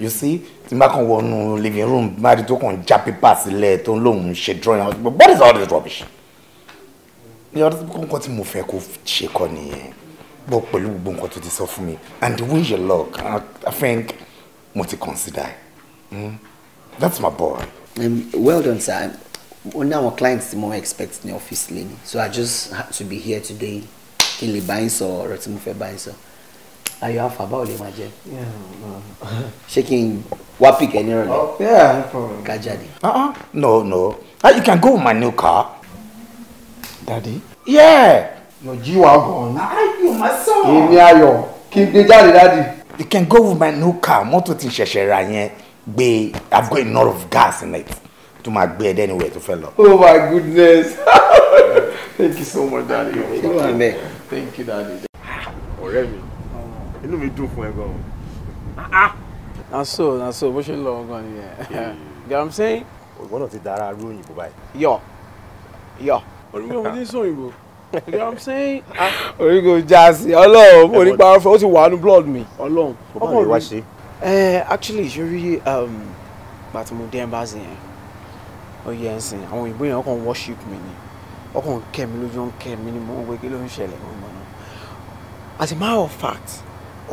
you see tí n bá kàn wọnú living room má di tó kàn já pépà sílẹ̀ tó ń lóun ṣe drawing out but what is all this rubbish ní ọdún tó kọ́ tí mo fẹ́ kó ṣe kọ́ nìyẹn bọ́ pẹ̀lú gbogbo nǹkan tó ti sọ fún mi and the way you look I think mo ti consider mm? that's my boy. Um, well done sir one our clients mo expect in the office lẹ́yìn so I just had to be here today kí n lè bá yín sọ ọ̀rọ̀ tí mo fẹ́ bá yín sọ ayọ̀ àfà báwo lè máa jẹ ṣé kí n wá pick ẹ nírọ̀lẹ́ oh, ká jáde. Ah, ah, no no ah, you can go with my new car. daddy. yeah. your jiwa gan. ayọ̀ my son. èmi ayọ̀ kí n gbé jáde daddy. you can go with my new car mọ́tò ti ṣẹ̀ṣẹ̀ ra yẹn gbé i've got enough of gas in it to my bed ẹdẹ anywhere tó fẹ́ lọ. oh my goodness thank you so much daddy. ṣé kí n thank you daddy. ọ̀rẹ́ mi inú mi dùn fún ẹ gan-an. na so na so bó ṣe ń lọ gan nìyẹn you know what i'm saying. òyìnbó náà ti dára rú òyìnbó báyìí. yọ yọ orí mi ò ní sọ òyìnbó you know what i'm saying. orígun jaasi Ọlọ́run mo ní pàrọ̀ fún ó ti wà nù blood mi. Ọlọ́run ọmọ mi wá ṣe. actually sori pàtàkì um, mo dé ẹ bá ṣe yẹn ó yẹ ẹ sìn àwọn òyìnbó yẹn kàn worship mi ni ọkàn kẹmi lójú ń kẹmi ni mo ń wé kí ló ń ṣẹlẹ̀ mọ́ mọ́ as a matter of fact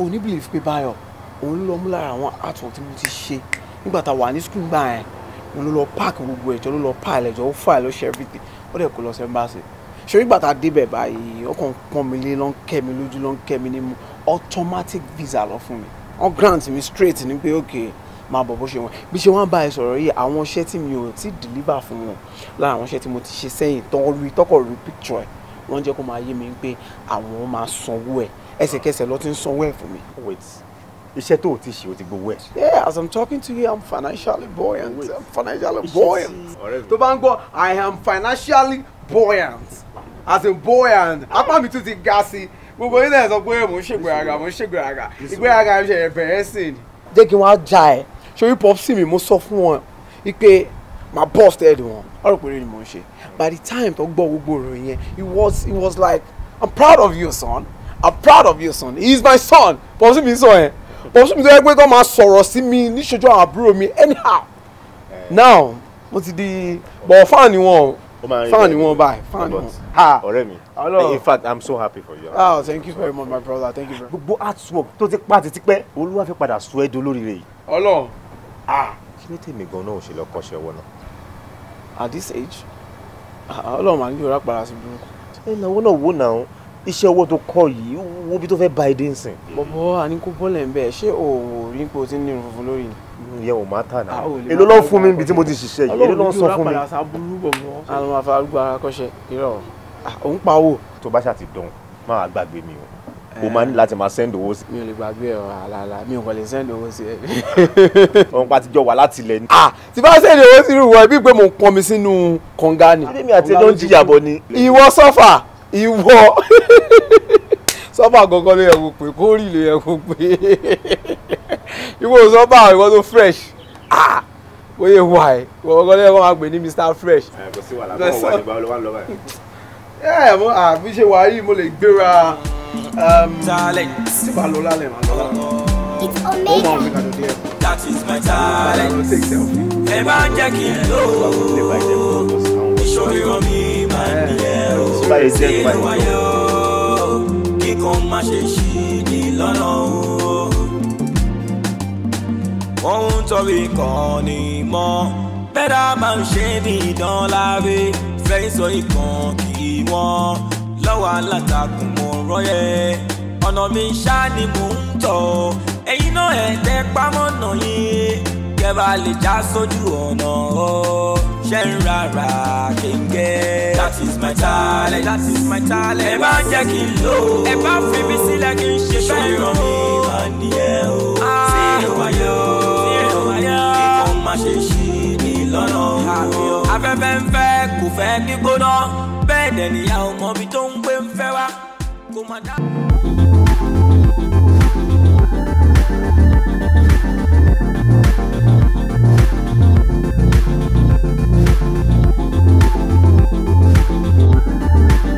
òní belief pé báyọ̀ òun ló lọ mú lára àwọn artwork tí mo ti ṣe nígbà tá a wà ní school gbà yẹn òun ló lọ park gbogbo ẹ̀jọ́ ló lọ pile ẹ̀jọ́ ó fà lọ ṣe everything ó dẹ̀ kó lọ sí embassy ṣé nígbà tá a débẹ̀ báyìí ọkàn pọ́n mi lé ló ń lójú ló ń ni mo automatic visa lọ fún mi wọ́n grant mi straight ni pé okay máa bọ̀ bó ṣe wọn bí ṣe wọ́n bá ẹ sọ̀rọ̀ yìí àwọn iṣẹ́ tí mi ò ti deliver fún wọn lára àwọn iṣẹ́ tí mo ti ṣe sẹ́yìn tọ́kọ̀ rí picture ẹ̀ wọ́n jẹ́ kó máa yé mi pé àwọn máa sanwó ẹ̀ ẹsẹ̀kẹsẹ̀ ló ti ń sanwó ẹ̀ fún mi. wait iṣẹ́ tó o ti ṣe o ti gbowó ẹ̀. yeah as i'm talking to you i'm financially buoyant i'm financially buoyant. tó bá ń gbọ́ i am financially buoyant as in buoyant apá mi tún ti ga sí gbogbo yín náà sọ pé mò ń ṣègbéraga mò ń ṣègbéraga ìgbéraga ṣe bẹ̀rẹ̀ sí ni. jẹ́ kí wọ́n á ja ẹ̀ ṣé hip hop sì mi mo sọ fún wọn wípé my boss tẹ́lẹ̀ wọn ọ̀rọ̀ péré ni mo ń ṣe by the time tó gbọ́ gbogbo ìròyìn yẹn it was it was like i'm proud of you son i'm proud of you son he is my son Pop pọ̀sí mi sọ yẹn pọ̀sí mi tó yẹ pé tó máa sọ̀rọ̀ sí mi níṣojú àwọn àbúrò mi anyhow now mo ti di bọ̀ fan ni wọn Fan fáàn ni wọn báyìí fáàn ni wọn ha ọ̀rẹ́ mi in fact i'm so happy for you. ah oh, thank you very much my brother thank you very much. gbogbo hard work tó ti pa àti tipẹ́ olúwa fi padà sọ ẹ́ dolóríire yìí. ọlọ́run Ah, kí ló tèmi gan náà ò ṣe lọ kọ́ṣẹ́ ọwọ́ náà. at this age ah, ah, ọlọ́run máa ń yọra para sí burúkú. ẹ náwó náà wò náà iṣẹ́ owó tó kọ́ yìí wo bí tó fẹ́ ba èdè nsìn. bọ̀bọ̀ àníkó bọ́ọ̀lù ẹ̀ ń bẹ̀ ṣé o ò rí pé o ti ń ní irun funfun lórí ni. ìyẹn ò má tà náà èlò ló ń fún mi ibi tí mo ti ṣiṣẹ́ yìí èlò ló ń sọ fún mi. àwọn afarúgbó ara kọ́ṣẹ́ òun pa owó. tó bá ṣàti máa gbàgbé mi o o máa ní láti máa send owó sí. mi ò lè gbàgbé ọ àlàlà mi ò kàn lè send owó sí ẹ. wọn pa àtijọ́ wà láti ilẹ̀ ni. ah ti bá send owó sí irú wọn bí pé mo ń pọnmi sínú kànga ni. adémi àti ẹjọ́ ń jìyà bọ̀ ni. ìwọ sọ́fà ìwọ sọ́fà gangan ló yẹ kó pé kórì ló yẹ kó pé ìwọ sọ́fà ìwọ tó fresh ah oye wà ẹ wọ́n gangan ló yẹ kó máa gbé ní Mr Fresh. ẹ kò sí wàhálà kó wà ní báwo ló wà lọ́wọ́ ẹ ẹ mo àbí ah, ṣe wà yìí mo lè gbéra um, tí màá lọ lálẹ́ màá lọ lálẹ́ ó máa ń fi kàdó díẹ̀. that is my talent. ẹ bá ń jẹ́ kí n lò ó ìṣòro mi máa ń yẹ ó ṣe é wáyé ó kíkan má ṣe ṣì ní lọ́nà ó. wọ́n ń torí kan ní mọ́ bẹ́ẹ̀ dá máa ń ṣe ní ìdánláre fẹ́ sọ ìkan kì í wọ́n lọ́wọ́ alátakùn mọ̀ rọ́yẹ ọ̀nà mi ṣá ni mò ń tọ̀ ẹ̀yin náà ẹ̀ tẹ́ pámọ́nà yín kẹ́ lè já sójú ọ̀nà ọ́ ṣe ń rárá kéńgẹ́. that is my talent that is my talent. ẹ bá jẹ́ kí n lò ó ẹ bá fi mi sílẹ̀ kí n ṣe bẹ́ẹ̀ lọ. ṣòro mi máa ní ẹ o. sí ah. ìwáyọ̀ sí ìwáyọ̀ kí n kò ṣe ṣe lọ́nà o. afẹ́fẹ́ ń fẹ́ kò fẹ́ gbígbóná bẹ́ẹ̀ dẹ̀ níyà ò mọ̀bi tó ń gbé ń fẹ́ wá kó má dá. thank you